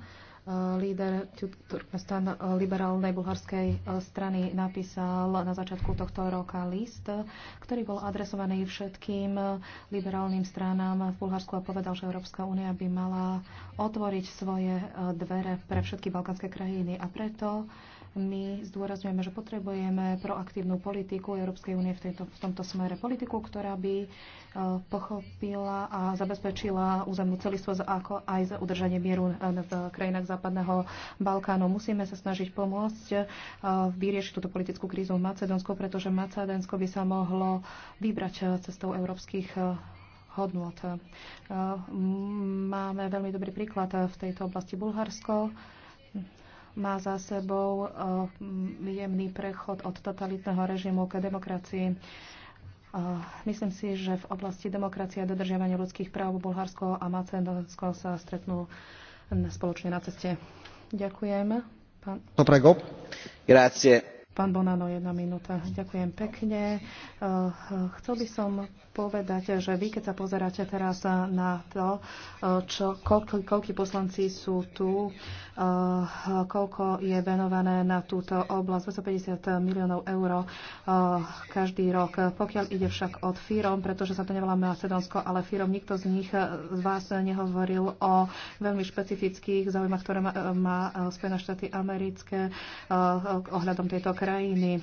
G: líder Turkmenistan liberálnej bulharskej eh, strany napísal na začiatku tohto roka list, ktorý bol adresovaný všetkým eh, liberálnym stranám v Bulharsku a povedal, že Európska únia by mala otvoriť svoje eh, dvere pre všetky balkánske krajiny a preto my zdôrazňujeme, že potrebujeme proaktívnu politiku Európskej únie v, tejto, v tomto smere. Politiku, ktorá by e, pochopila a zabezpečila územnú celistvosť ako aj za udržanie mieru e, v krajinách Západného Balkánu. Musíme sa snažiť pomôcť e, vyriešiť túto politickú krízu v Macedónsku, pretože Macedónsko by sa mohlo vybrať cestou európskych hodnot. Máme veľmi dobrý príklad v tejto oblasti Bulharsko má za sebou eh, jemný prechod od totalitného režimu k demokracii. Eh, myslím si, že v oblasti demokracie a dodržiavania ľudských práv Bulharsko a Macedónsko sa stretnú spoločne na ceste. Ďakujem. Pán...
C: Grazie.
G: Pán Bonano, jedna minúta. Ďakujem pekne. Eh, chcel by som povedať, že vy, keď sa pozeráte teraz na to, eh, čo, koľko, koľko poslanci sú tu, eh, koľko je venované na túto oblasť, 250 miliónov eur každý rok. Pokiaľ ide však od firom, pretože sa to nevolá Macedónsko, ale firm, nikto z nich z vás nehovoril o veľmi špecifických zaujímach, ktoré má, má Spojené štáty americké ohľadom tejto krajiny krajiny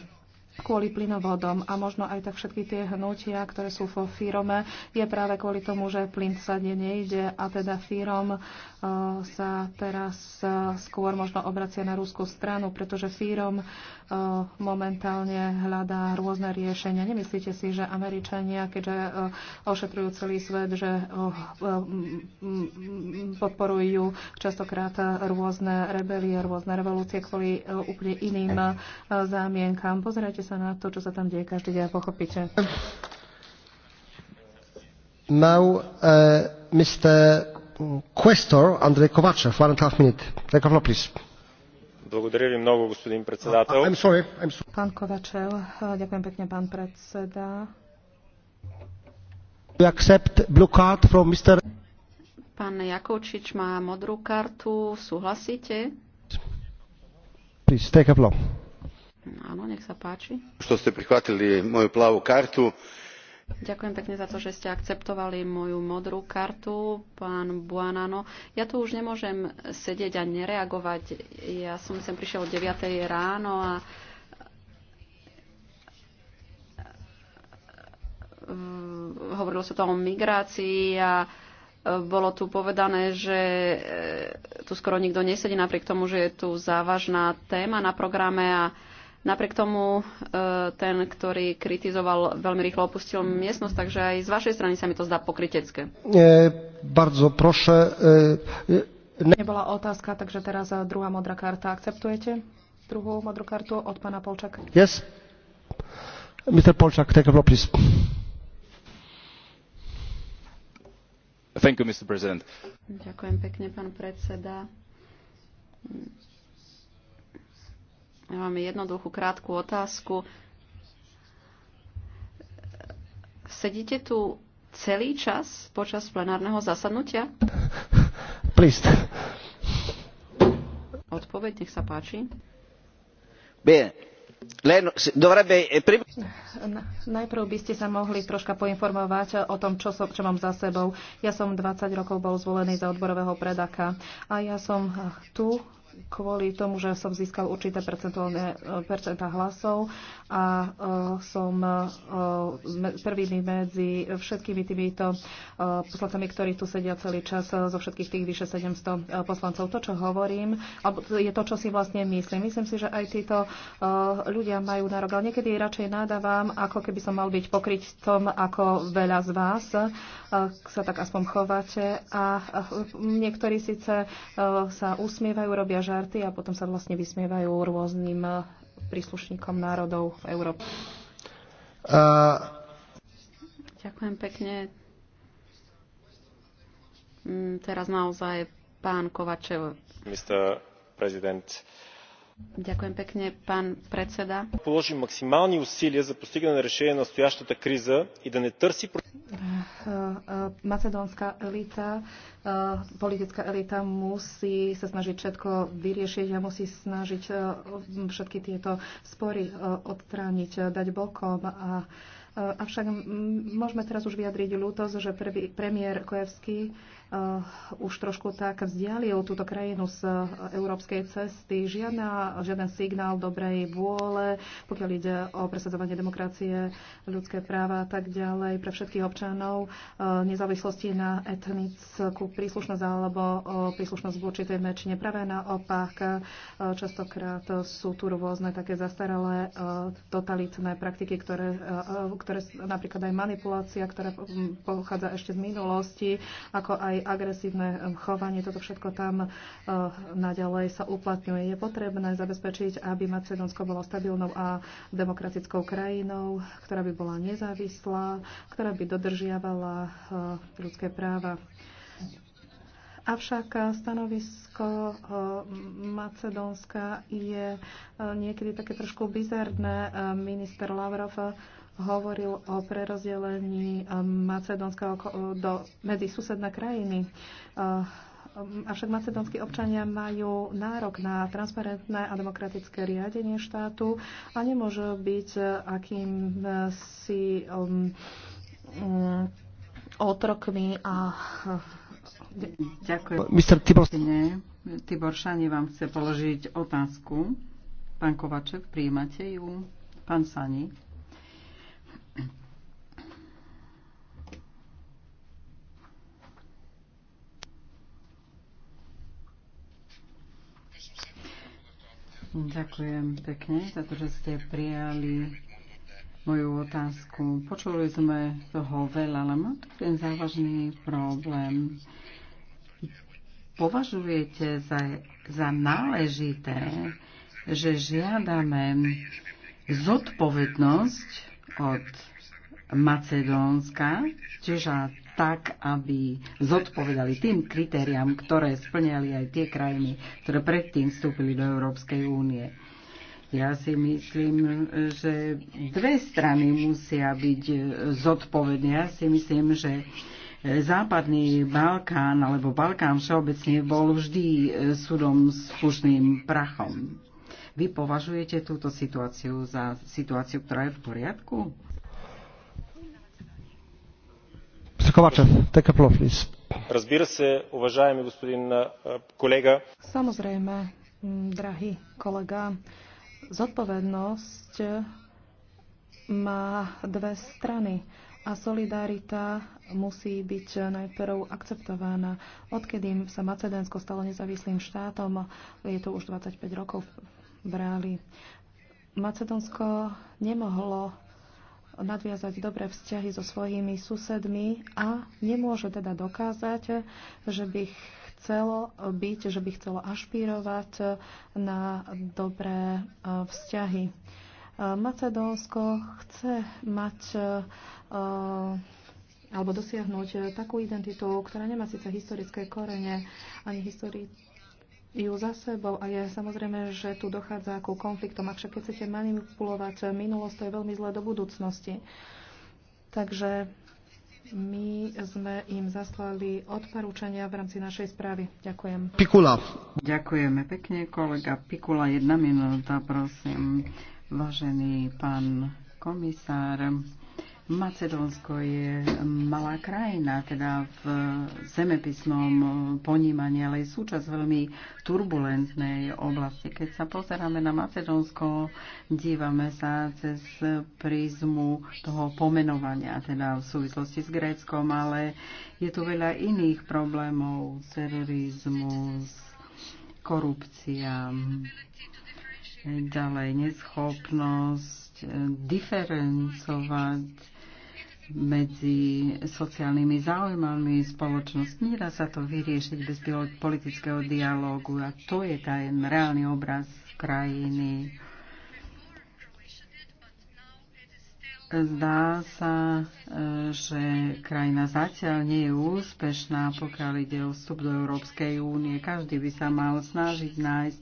G: kvôli plynovodom a možno aj tak všetky tie hnutia, ktoré sú vo firme, je práve kvôli tomu, že plyn sa nejde a teda firom Eh, sa teraz eh, skôr možno obracia na rúskú stranu, pretože Fírom eh, momentálne hľadá rôzne riešenia. Nemyslíte si, že Američania, keďže ošetrujú celý svet, že podporujú častokrát rôzne rebelie, rôzne revolúcie kvôli úplne iným zámienkám. Pozerajte sa na to, čo sa tam deje každý deň a pochopíte.
B: Now, uh, Mr. Questor Andrei Kovacev, one and a half minute. Take a floor, no, please. Благодаря ви много, господин председател. I'm sorry, I'm
G: sorry. Pán Kovačev, ďakujem pekne, pán predseda.
B: You accept blue card from Mr.
E: Pán Jakovčič má modrú kartu. Súhlasíte?
B: Please, take a floor.
E: No. Áno, nech sa páči.
C: Što ste prihvatili moju plavu kartu
E: Ďakujem pekne za to, že ste akceptovali moju modrú kartu, pán Buanano. Ja tu už nemôžem sedieť a nereagovať. Ja som sem prišiel o 9. ráno a hovorilo sa to o migrácii a bolo tu povedané, že e, tu skoro nikto nesedí, napriek tomu, že je tu závažná téma na programe a Napriek tomu e, ten, ktorý kritizoval, veľmi rýchlo opustil miestnosť, takže aj z vašej strany sa mi to zdá pokrytecké.
B: E, bardzo proše. E, ne...
G: Nebola otázka, takže teraz e, druhá modrá karta. Akceptujete druhú modrú kartu od pána Polčaka?
B: Yes. Mr. Polčak, take a floor, please. Thank you, Mr. President.
E: Ďakujem pekne, pán predseda ja mám jednoduchú, krátku otázku. Sedíte tu celý čas počas plenárneho zasadnutia? Plist. Odpoveď, nech sa páči.
B: Bien. Eh,
G: najprv by ste sa mohli troška poinformovať o tom, čo, som, čo mám za sebou. Ja som 20 rokov bol zvolený za odborového predaka a ja som eh, tu kvôli tomu, že som získal určité eh, percentá hlasov a eh, som eh, prvými medzi všetkými týmito poslancami, ktorí tu sedia celý čas zo všetkých tých vyše 700 poslancov. To, čo hovorím, je to, čo si vlastne myslím. Myslím si, že aj títo ľudia majú nárok, ale niekedy radšej nadávam, ako keby som mal byť pokryť tom, ako veľa z vás sa tak aspoň chovate. A niektorí síce sa usmievajú, robia žarty a potom sa vlastne vysmievajú rôznym eh,
E: príslušníkom národov v Európe. Uh... Ďakujem pekne. Mm, Teraz naozaj pán Kovačev.
B: Mr. President.
E: Ďakujem pekne, pán predseda.
B: Položím maximálne úsilie za постигане на na на kríza i da да не
G: Eh, eh, macedónska elita, eh, politická elita musí sa snažiť všetko vyriešiť a musí snažiť všetky tieto spory odstrániť, dať bokom a Avšak môžeme teraz už vyjadriť ľútosť, že prvý premiér Kojevský Eh, už trošku tak vzdialil túto krajinu z eh, európskej cesty. Žiadna, žiaden signál dobrej vôle, pokiaľ ide o presadzovanie demokracie, ľudské práva a tak ďalej pre všetkých občanov, eh, nezávislosti na etnickú príslušnosť alebo príslušnosť v určitej mečine. Práve naopak, častokrát sú tu rôzne také zastaralé totalitné praktiky, ktoré, ktoré napríklad aj manipulácia, ktorá hm, pochádza ešte z minulosti, ako aj aj agresívne um, chovanie, toto všetko tam uh, naďalej sa uplatňuje. Je potrebné zabezpečiť, aby Macedónsko bolo stabilnou a demokratickou krajinou, ktorá by bola nezávislá, ktorá by dodržiavala uh, ľudské práva. Avšak uh, stanovisko Macedónska je niekedy také trošku bizardné. Minister Lavrov hovoril o prerozdelení um, Macedónska do, medzi susedné krajiny. Uh, avšak macedónsky občania majú nárok na transparentné a demokratické riadenie štátu a nemôžu byť uh, akým uh, si um, um, otrokmi a... Ďakujem. Mr.
F: Tibor. Tibor Šani vám chce položiť otázku. Pán Kovaček, príjmate ju? Pán Sani. Ďakujem pekne za to, že ste prijali moju otázku. Počuli sme toho veľa, ale mám tu ten závažný problém. Považujete za, za náležité, že žiadame zodpovednosť od Macedónska, čiže tak, aby zodpovedali tým kritériám, ktoré splňali aj tie krajiny, ktoré predtým vstúpili do Európskej únie. Ja si myslím, že dve strany musia byť zodpovedné. Ja si myslím, že Západný Balkán alebo Balkán všeobecne bol vždy e, súdom s pušným prachom. Vy považujete túto situáciu za situáciu, ktorá je v poriadku? разбира се господин
G: Samozrejme, drahý kolega, zodpovednosť má dve strany a solidarita musí byť najprv akceptovaná. Odkedy sa Macedónsko stalo nezávislým štátom, je to už 25 rokov brali. Bráli. Macedónsko nemohlo nadviazať dobré vzťahy so svojimi susedmi a nemôže teda dokázať, že by chcelo byť, že by chcelo ašpírovať na dobré e, vzťahy. E, Macedónsko chce mať e, alebo dosiahnuť takú identitu, ktorá nemá síce historické korene ani historické ju za sebou a je samozrejme, že tu dochádza ku konfliktom. však keď chcete manipulovať minulosť, to je veľmi zlé do budúcnosti. Takže my sme im zaslali odporúčania v rámci našej správy.
F: Ďakujem. Pikula. Ďakujeme pekne, kolega Pikula. Jedna minúta, prosím. Vážený pán komisár, Macedónsko je malá krajina, teda v zemepisnom ponímaní, ale je súčasť veľmi turbulentnej oblasti. Keď sa pozeráme na Macedónsko, dívame sa cez prízmu toho pomenovania, teda v súvislosti s Gréckom, ale je tu veľa iných problémov, terorizmus, korupcia, ďalej neschopnosť diferencovať medzi sociálnymi záujmami spoločnosť. Nedá sa to vyriešiť bez politického dialógu a to je ten reálny obraz krajiny. Zdá sa, eh, že krajina zatiaľ nie je úspešná, pokiaľ ide o vstup do Európskej únie. Každý by sa mal snažiť nájsť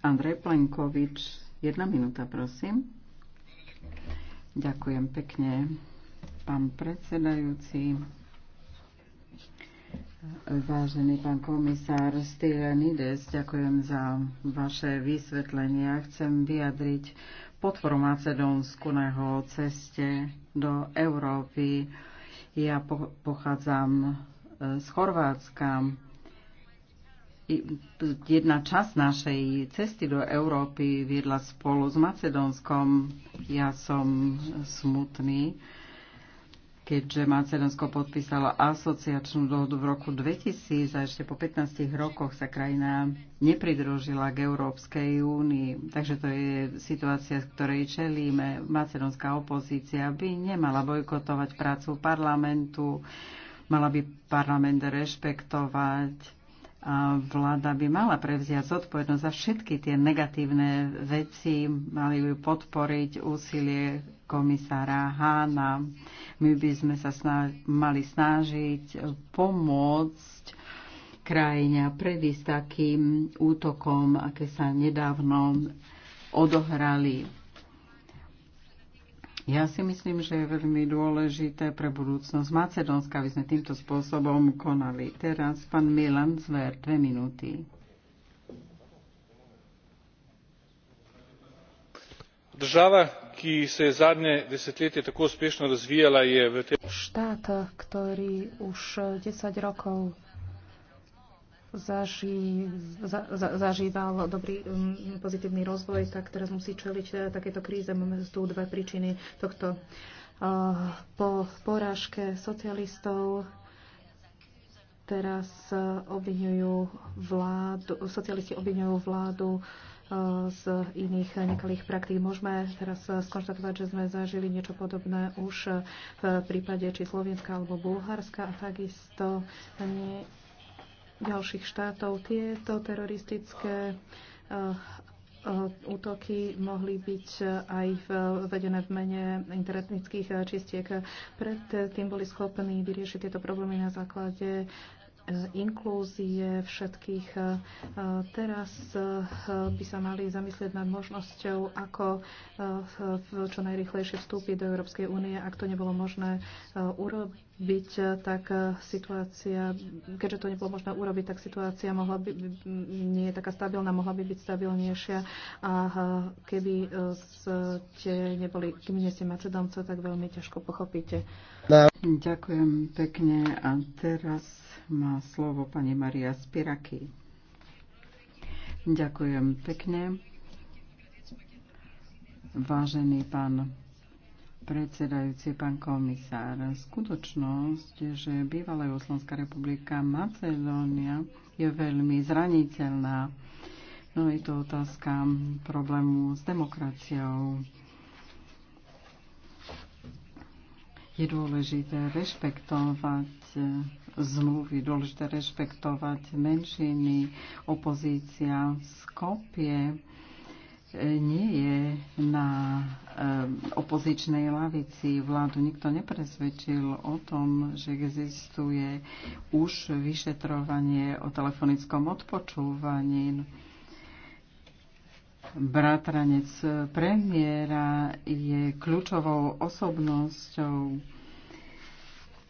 F: Andrej Plenkovič, jedna minúta, prosím. Ďakujem pekne, pán predsedajúci. Vážený pán komisár Stylianides, ďakujem za vaše vysvetlenia. Chcem vyjadriť podporu Macedónsku na jeho ceste do Európy. Ja pochádzam e, z Chorvátska jedna časť našej cesty do Európy viedla spolu s Macedónskom. Ja som smutný, keďže Macedónsko podpísalo asociačnú dohodu v roku 2000 a ešte po 15 rokoch sa krajina nepridružila k Európskej únii. Takže to je situácia, z ktorej čelíme. Macedónska opozícia by nemala bojkotovať prácu parlamentu, mala by parlament rešpektovať a vláda by mala prevziať zodpovednosť za všetky tie negatívne veci, mali by podporiť úsilie komisára Hána. My by sme sa snaž- mali snažiť pomôcť krajine a predísť takým útokom, aké sa nedávno odohrali ja si myslím, že je veľmi dôležité pre budúcnosť Macedónska, aby sme týmto spôsobom konali. Teraz pán Milan Zver, dve minúty.
C: država ki se je zadnje desetletje tako uspešno razvijala je v tem
G: štát ktorý už 10 rokov zaží, za, za, zažíval dobrý um, pozitívny rozvoj, tak teraz musí čeliť e, takéto kríze. Máme tu dve príčiny tohto. Uh, po porážke socialistov teraz e, obvinujú vládu, socialisti obvinujú vládu z iných nekalých praktík. Môžeme teraz skonštatovať, že sme zažili niečo podobné už v prípade či Slovenska alebo Bulharska a takisto nie ďalších štátov. Tieto teroristické eh, eh, útoky mohli byť aj vedené v mene internetnických eh, čistiek. Predtým boli schopní vyriešiť tieto problémy na základe inklúzie všetkých. Teraz by sa mali zamyslieť nad možnosťou, ako čo najrychlejšie vstúpiť do Európskej únie, ak to nebolo možné urobiť byť, e, tak e, situácia, keďže to nebolo možné urobiť, tak situácia mohla by, nie je taká stabilná, mohla by byť stabilnejšia a e, keby ste neboli, keby nie ste Macedónco, tak veľmi ťažko
F: pochopíte. Ďakujem pekne a teraz má slovo pani Maria Spiraky. Ďakujem pekne. Vážený pán predsedajúci, pán komisár. Skutočnosť, že bývalá Jugoslovanská republika Macedónia je veľmi zraniteľná. No je to otázka problému s demokraciou. Je dôležité rešpektovať zmluvy, dôležité rešpektovať menšiny, opozícia, skopie nie je na opozičnej lavici. Vládu nikto nepresvedčil o tom, že existuje už vyšetrovanie o telefonickom odpočúvaní. Bratranec premiéra je kľúčovou osobnosťou.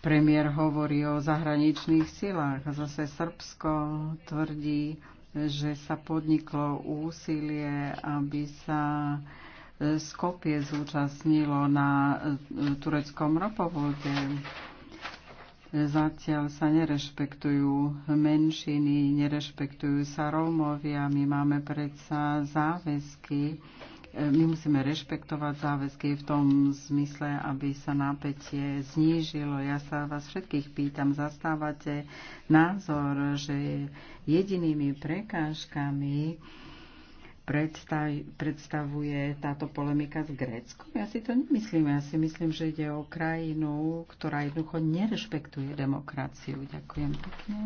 F: Premiér hovorí o zahraničných silách a zase Srbsko tvrdí, že sa podniklo úsilie, aby sa e, Skopie zúčastnilo na e, tureckom ropovode. Zatiaľ sa nerešpektujú menšiny, nerešpektujú sa Rómovia. My máme predsa záväzky my musíme rešpektovať záväzky v tom zmysle, aby sa napätie znížilo. Ja sa vás všetkých pýtam, zastávate názor, že jedinými prekážkami predstavuje táto polemika s Gréckom? Ja si to nemyslím. Ja si myslím, že ide o krajinu, ktorá jednoducho nerešpektuje demokraciu. Ďakujem pekne.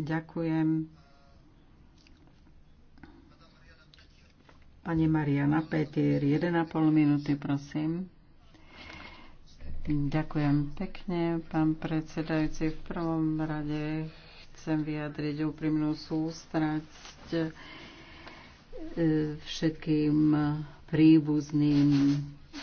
F: Ďakujem. Pani Mariana Petir, 1,5 minúty, prosím. Ďakujem pekne, pán predsedajúci. V prvom rade chcem vyjadriť úprimnú sústrasť e, všetkým príbuzným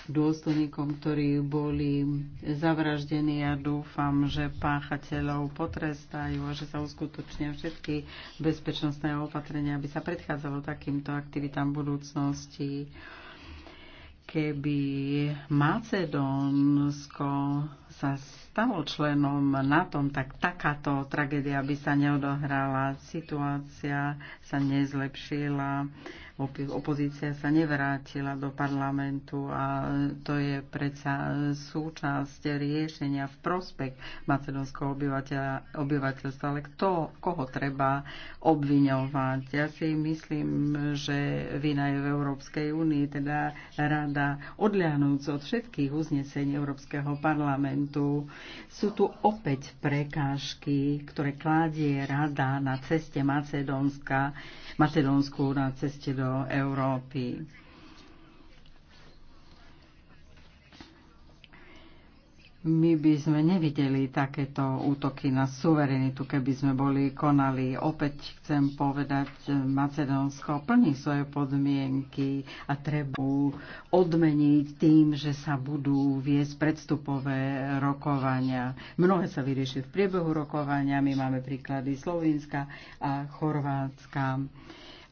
F: dôstojníkom, ktorí boli zavraždení. Ja dúfam, že páchateľov potrestajú a že sa uskutočnia všetky bezpečnostné opatrenia, aby sa predchádzalo takýmto aktivitám v budúcnosti. Keby Macedónsko sa stalo členom NATO, tak takáto tragédia by sa neodohrala, situácia sa nezlepšila, opozícia sa nevrátila do parlamentu a to je predsa súčasť riešenia v prospech macedónskeho obyvateľstva. Ale kto, koho treba obviňovať? Ja si myslím, že vina je v Európskej únii, teda rada odľahnúc od všetkých uznesení Európskeho parlamentu momentu Sú tu opäť prekážky, ktoré kládie rada na ceste Macedónska, Macedónsku na ceste do Európy. My by sme nevideli takéto útoky na suverenitu, keby sme boli konali. Opäť chcem povedať, Macedónsko plní svoje podmienky a treba odmeniť tým, že sa budú viesť predstupové rokovania. Mnohé sa vyrieši v priebehu rokovania. My máme príklady Slovenska a Chorvátska.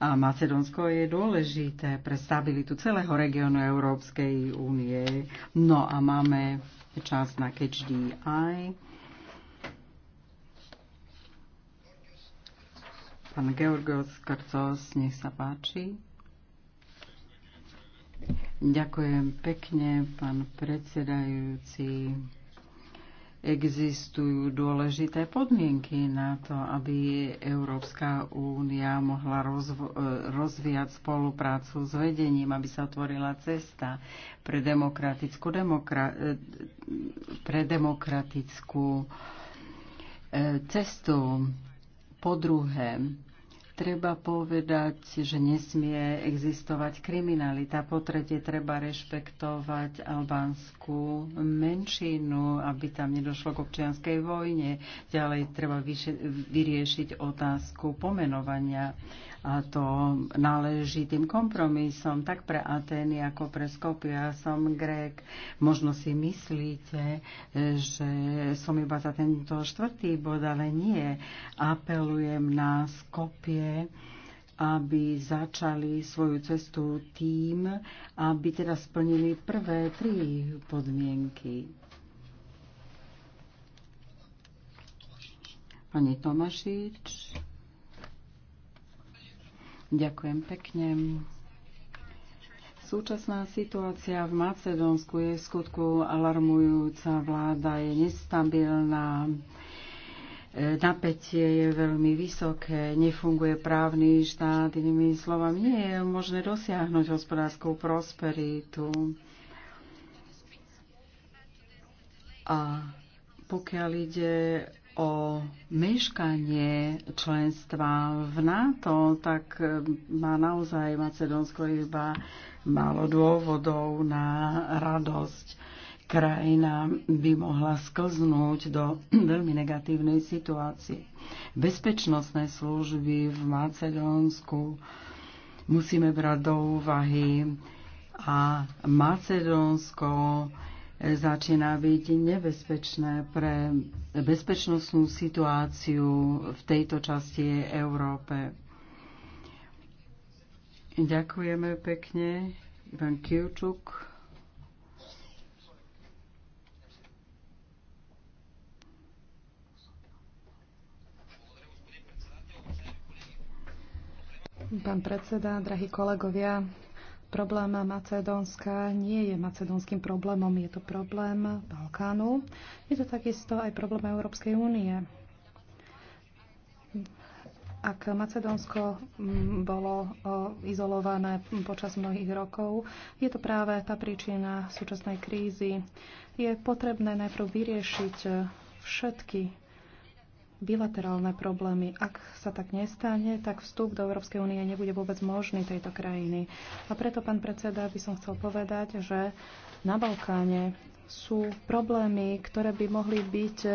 F: A Macedónsko je dôležité pre stabilitu celého regiónu Európskej únie. No a máme čas na Catch DI. Pán Georgios Krcos, nech sa páči. Ďakujem pekne, pán predsedajúci existujú dôležité podmienky na to, aby Európska únia mohla rozvo- e, rozvíjať spoluprácu s vedením, aby sa otvorila cesta pre demokratickú, demokra- e, pre demokratickú e, cestu. Po druhé, Treba povedať, že nesmie existovať kriminalita. Po tretie, treba rešpektovať albánsku menšinu, aby tam nedošlo k občianskej vojne. Ďalej treba vyriešiť otázku pomenovania to náležitým kompromisom, tak pre Atény ako pre Skopia. Ja som Grék. Možno si myslíte, že som iba za tento štvrtý bod, ale nie. Apelujem na Skopie, aby začali svoju cestu tým, aby teda splnili prvé tri podmienky. Pani Tomašič. Ďakujem pekne. Súčasná situácia v Macedónsku je skutku alarmujúca. Vláda je nestabilná. E, napätie je veľmi vysoké, nefunguje právny štát, inými slovami nie je možné dosiahnuť hospodárskú prosperitu. A pokiaľ ide o meškanie členstva v NATO, tak e, má naozaj Macedónsko iba málo dôvodov na radosť. Krajina by mohla sklznúť do veľmi negatívnej situácie. Bezpečnostné služby v Macedónsku musíme brať do úvahy a Macedónsko začína byť nebezpečné pre bezpečnostnú situáciu v tejto časti Európe. Ďakujeme pekne. Ivan Kiučuk.
G: Pán predseda, drahí kolegovia, Problém Macedónska nie je macedónským problémom, je to problém Balkánu. Je to takisto aj problém Európskej únie. Ak Macedónsko mm, bolo izolované počas mnohých rokov, je to práve tá príčina súčasnej krízy. Je potrebné najprv vyriešiť všetky bilaterálne problémy. Ak sa tak nestane, tak vstup do Európskej únie nebude vôbec možný tejto krajiny. A preto, pán predseda, by som chcel povedať, že na Balkáne sú problémy, ktoré by mohli byť e,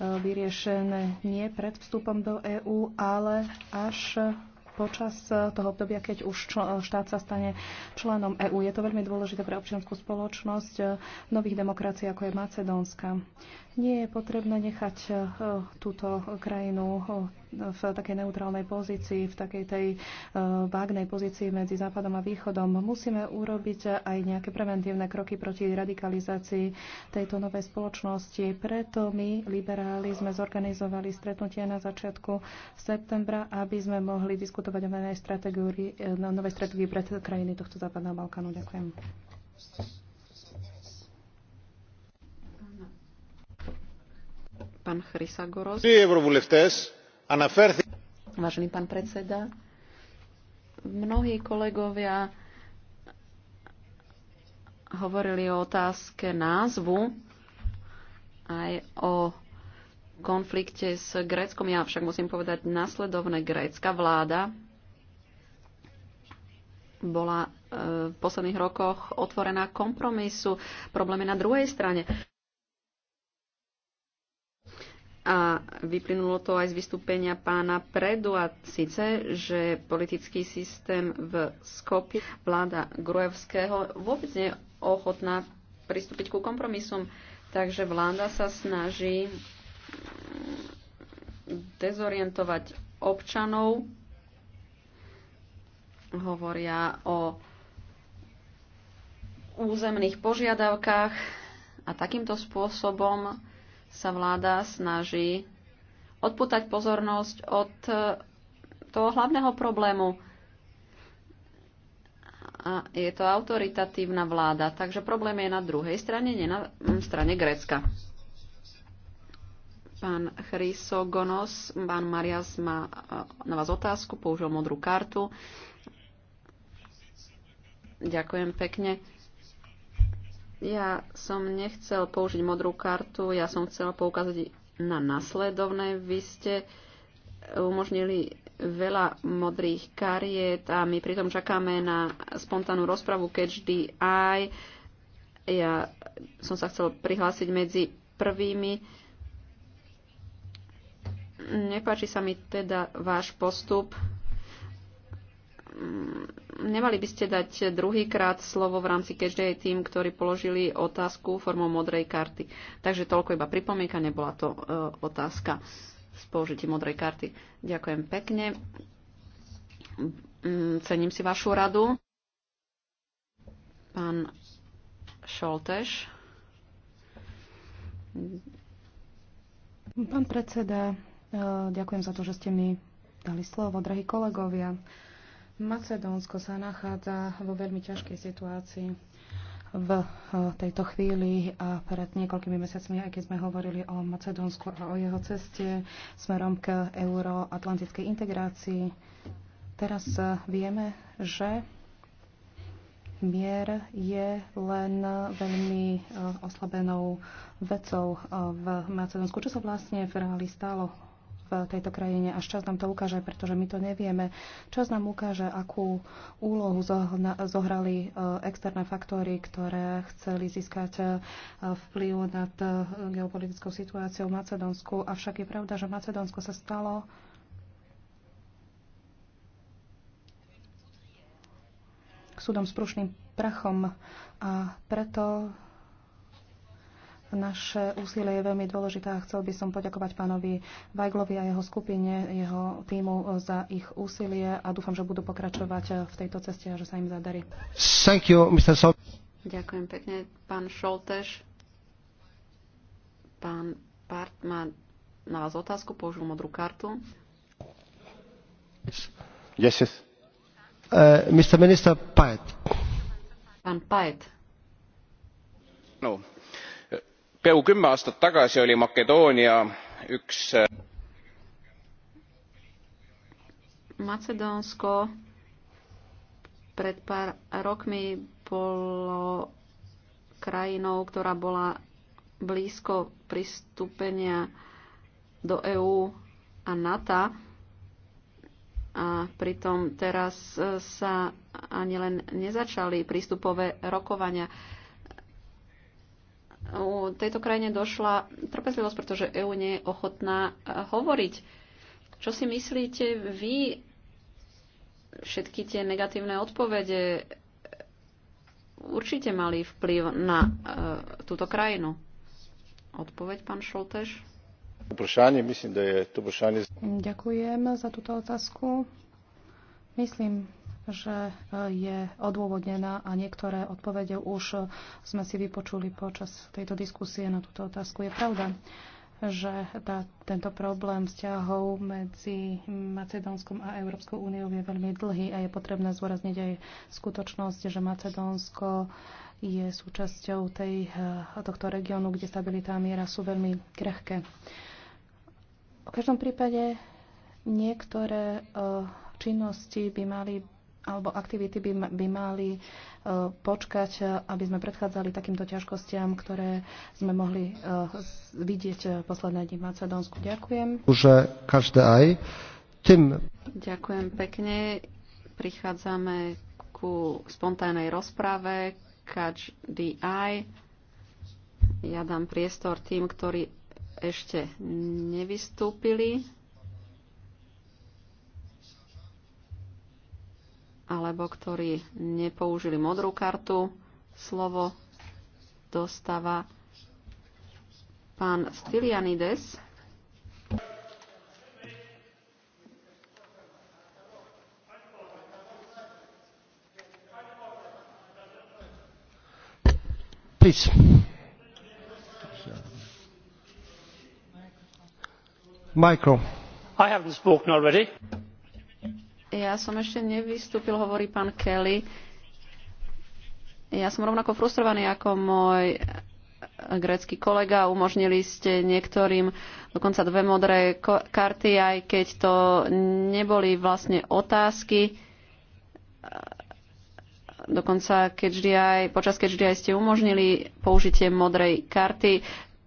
G: vyriešené nie pred vstupom do EÚ, ale až počas toho obdobia, keď už štát sa stane členom EÚ. Je to veľmi dôležité pre občianskú spoločnosť e, nových demokracií, ako je Macedónska. Nie je potrebné nechať e, túto krajinu e, v takej neutrálnej pozícii, v takej tej e, vágnej pozícii medzi Západom a Východom. Musíme urobiť aj nejaké preventívne kroky proti radikalizácii tejto novej spoločnosti. Preto my, liberáli, sme zorganizovali stretnutie na začiatku septembra, aby sme mohli diskutovať o novej stratégii, novej pre krajiny tohto Západného Balkánu. Ďakujem.
C: Vážený
E: pán predseda, mnohí kolegovia hovorili o otázke názvu aj o konflikte s Gréckom. Ja však musím povedať nasledovné. Grécka vláda bola e, v posledných rokoch otvorená kompromisu. Problém je na druhej strane. A vyplynulo to aj z vystúpenia pána Predu a síce, že politický systém v Skopi vláda Gruevského vôbec nie je ochotná pristúpiť ku kompromisom. Takže vláda sa snaží mm, dezorientovať občanov. Hovoria o územných požiadavkách a takýmto spôsobom sa vláda snaží odputať pozornosť od e, toho hlavného problému. A je to autoritatívna vláda, takže problém je na druhej strane, nie na strane Grécka. Pán Chrysogonos, pán Marias má e, na vás otázku, použil modrú kartu. Ďakujem pekne. Ja som nechcel použiť modrú kartu, ja som chcela poukázať na nasledovné. Vy ste umožnili veľa modrých kariet a my pritom čakáme na spontánnu rozpravu Catch the Ja som sa chcel prihlásiť medzi prvými. Nepáči sa mi teda váš postup mm, Nemali by ste dať druhýkrát slovo v rámci každej tým, ktorí položili otázku formou modrej karty. Takže toľko iba pripomienka, nebola to e, otázka s použitím modrej karty. Ďakujem pekne. Mm, cením si vašu radu. Pán Šolteš.
G: Pán predseda, e, ďakujem za to, že ste mi dali slovo, drahí kolegovia. Macedónsko sa nachádza vo veľmi ťažkej situácii v eh, tejto chvíli a pred niekoľkými mesiacmi, aj keď sme hovorili o Macedónsku a o jeho ceste smerom k euroatlantickej integrácii, teraz eh, vieme, že mier je len veľmi eh, oslabenou vecou v Macedónsku. Čo sa vlastne v reáli stalo tejto krajine. Až čas nám to ukáže, pretože my to nevieme. Čas nám ukáže, akú úlohu zohrali e, externé faktory, ktoré chceli získať e, vplyv nad e, geopolitickou situáciou v Macedónsku. Avšak je pravda, že Macedónsko sa stalo súdom s prúšným prachom a preto naše úsilie je veľmi dôležité a chcel by som poďakovať pánovi Vajglovi a jeho skupine, jeho týmu za ich úsilie a dúfam, že budú pokračovať v tejto ceste a že sa im zadarí.
B: Thank you, Mr. Sol-
E: Ďakujem pekne, pán Šoltež. Pán Part má na vás otázku, použil modrú kartu.
B: Yes, yes. Uh, Mr. Minister Paet.
E: Pán Paet.
D: No peaaegu kümme aastat tagasi oli makedoonia üks äh,
E: Macedónsko pred pár rokmi bolo krajinou, ktorá bola blízko pristúpenia do EÚ a NATO. A pritom teraz e, sa ani len nezačali prístupové rokovania u tejto krajine došla trpezlivosť, pretože EÚ nie je ochotná e, hovoriť. Čo si myslíte vy, všetky tie negatívne odpovede určite mali vplyv na e, túto krajinu? Odpoveď, pán Šoltež?
C: Vprašanie, myslím, že je to vprašanie...
G: Ďakujem za túto otázku. Myslím, že e, je odôvodnená a niektoré odpovede už e, sme si vypočuli počas tejto diskusie na túto otázku. Je pravda, že tá, tento problém vzťahov medzi Macedónskom a Európskou úniou je veľmi dlhý a je potrebné zvorazniť aj skutočnosť, že Macedónsko je súčasťou tej, e, tohto regiónu, kde stabilita a miera sú veľmi krehké. V každom prípade niektoré činnosti by mali alebo aktivity by, by mali e, počkať, aby sme predchádzali takýmto ťažkostiam, ktoré sme mohli e, vidieť e, posledné dni
E: v Macedónsku. Ďakujem. Že
B: každé aj tým...
E: Ďakujem pekne. Prichádzame ku spontánnej rozprave. Každý aj. Ja dám priestor tým, ktorí ešte nevystúpili. alebo ktorí nepoužili modrú kartu. Slovo dostáva pán Stylianides.
B: Please. Micro. I haven't spoken already.
E: Ja som ešte nevystúpil, hovorí pán Kelly. Ja som rovnako frustrovaný ako môj e, grécky kolega. Umožnili ste niektorým dokonca dve modré karty, aj keď to neboli vlastne otázky. E, dokonca keď aj, počas keď aj ste umožnili použitie modrej karty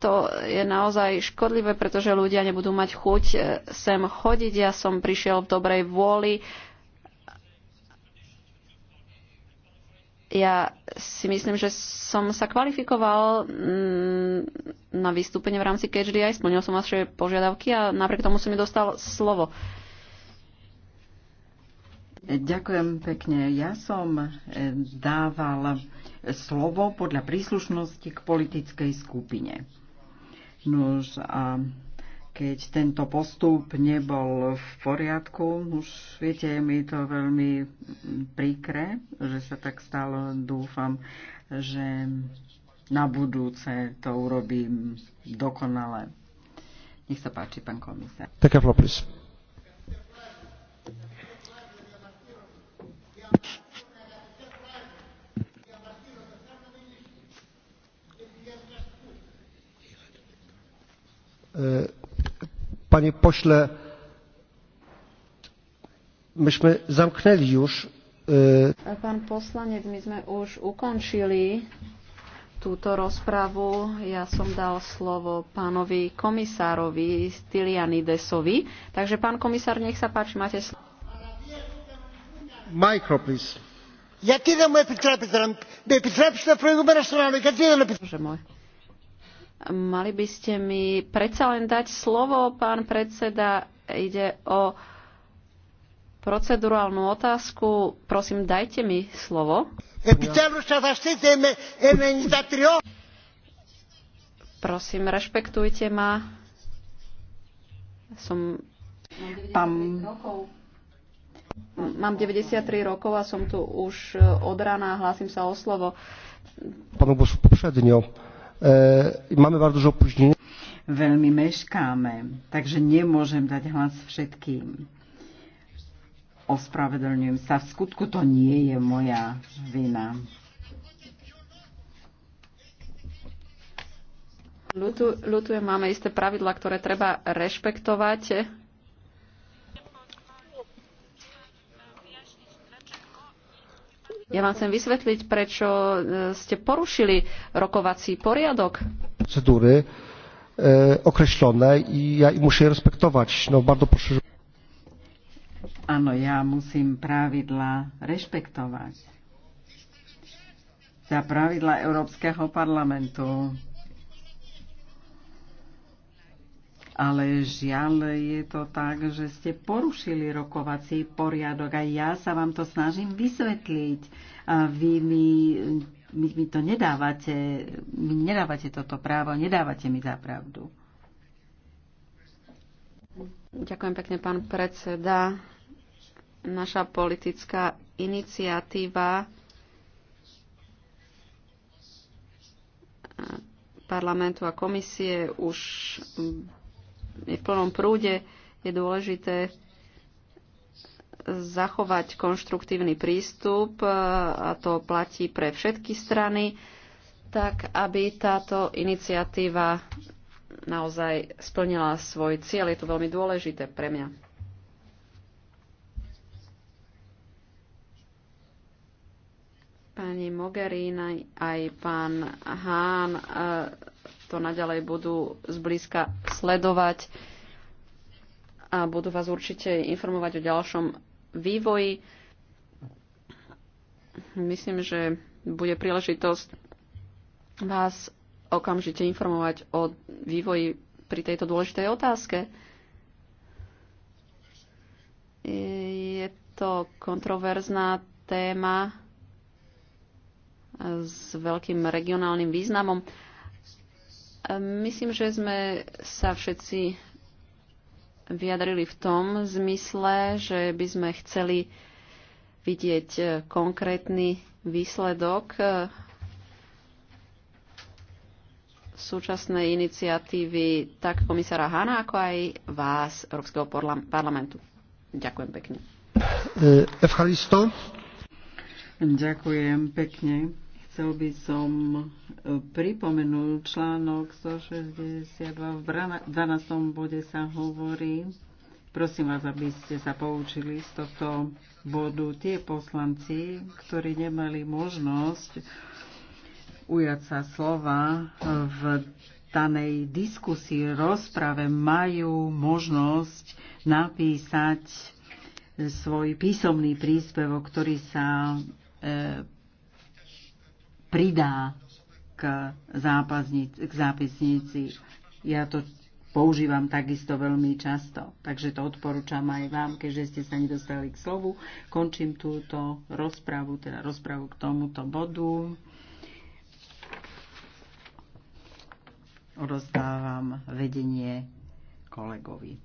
E: to je naozaj škodlivé, pretože ľudia nebudú mať chuť e, sem chodiť. Ja som prišiel v dobrej vôli. Ja si myslím, že som sa kvalifikoval mm, na vystúpenie v rámci KHD splnil som vaše požiadavky a napriek tomu som mi dostal slovo.
F: Ďakujem pekne. Ja som e, dával slovo podľa príslušnosti k politickej skupine. Nož a keď tento postup nebol v poriadku, už viete, je mi to veľmi príkre, že sa tak stalo. Dúfam, že na budúce to urobím dokonale. Nech sa páči, pán komisár.
B: Taká please. E, panie pośle, myśmy zamknęli już.
E: E, Pan poslanec, my sme už ukončili túto rozpravu. Ja som dal slovo pánovi komisárovi Stylianidesovi. Takže pán komisár, nech sa páči, máte slovo.
B: Micro, please. Γιατί δεν μου επιτρέπετε να με επιτρέψετε προηγούμενα
E: στον άλλο, γιατί δεν επιτρέπετε. Mali by ste mi predsa len dať slovo, pán predseda. Ide o procedurálnu otázku. Prosím, dajte mi slovo. Prosím, rešpektujte ma. Som... Pán... Mám 93 rokov a som tu už od rána a hlásim sa o slovo.
B: Panu poprzednio E, máme bardzo dużo opóźnienia.
F: Veľmi meškáme, takže nemôžem dať hlas všetkým. Ospravedlňujem sa, v skutku to nie je moja vina.
E: Ľutujem, máme isté pravidla, ktoré treba rešpektovať. Ja vám chcem vysvetliť, prečo e, ste porušili rokovací poriadok.
B: Procedúry e, określone i ja ich musím respektovať. No bardzo proszę.
F: Áno, ja musím pravidla rešpektovať. Za pravidla Európskeho parlamentu ale žiaľ je to tak, že ste porušili rokovací poriadok a ja sa vám to snažím vysvetliť a vy mi, mi, mi to nedávate, mi nedávate toto právo, nedávate mi za pravdu.
E: Ďakujem pekne, pán predseda. Naša politická iniciatíva eh, parlamentu a komisie už je v plnom prúde, je dôležité zachovať konštruktívny prístup e, a to platí pre všetky strany, tak aby táto iniciatíva naozaj splnila svoj cieľ. Je to veľmi dôležité pre mňa. Pani Mogherini aj pán Hán to naďalej budú zblízka sledovať a budú vás určite informovať o ďalšom vývoji. Myslím, že bude príležitosť vás okamžite informovať o vývoji pri tejto dôležitej otázke. Je to kontroverzná téma s veľkým regionálnym významom. Myslím, že sme sa všetci vyjadrili v tom zmysle, že by sme chceli vidieť konkrétny výsledok súčasnej iniciatívy tak komisára Hána, ako aj vás, Európskeho parlamentu. Ďakujem pekne. E, Ďakujem pekne. Chcel by som
F: e, pripomenul článok 162. V 12. bode sa hovorí, prosím vás, aby ste sa poučili z tohto bodu tie poslanci, ktorí nemali možnosť ujať sa slova e, v danej diskusii, rozprave, majú možnosť napísať svoj písomný príspevok, ktorý sa e, pridá k, zápasnic, k zápisnici. Ja to používam takisto veľmi často. Takže to odporúčam aj vám, keďže ste sa nedostali k slovu. Končím túto rozpravu, teda rozpravu k tomuto bodu. Rozdávam vedenie kolegovi.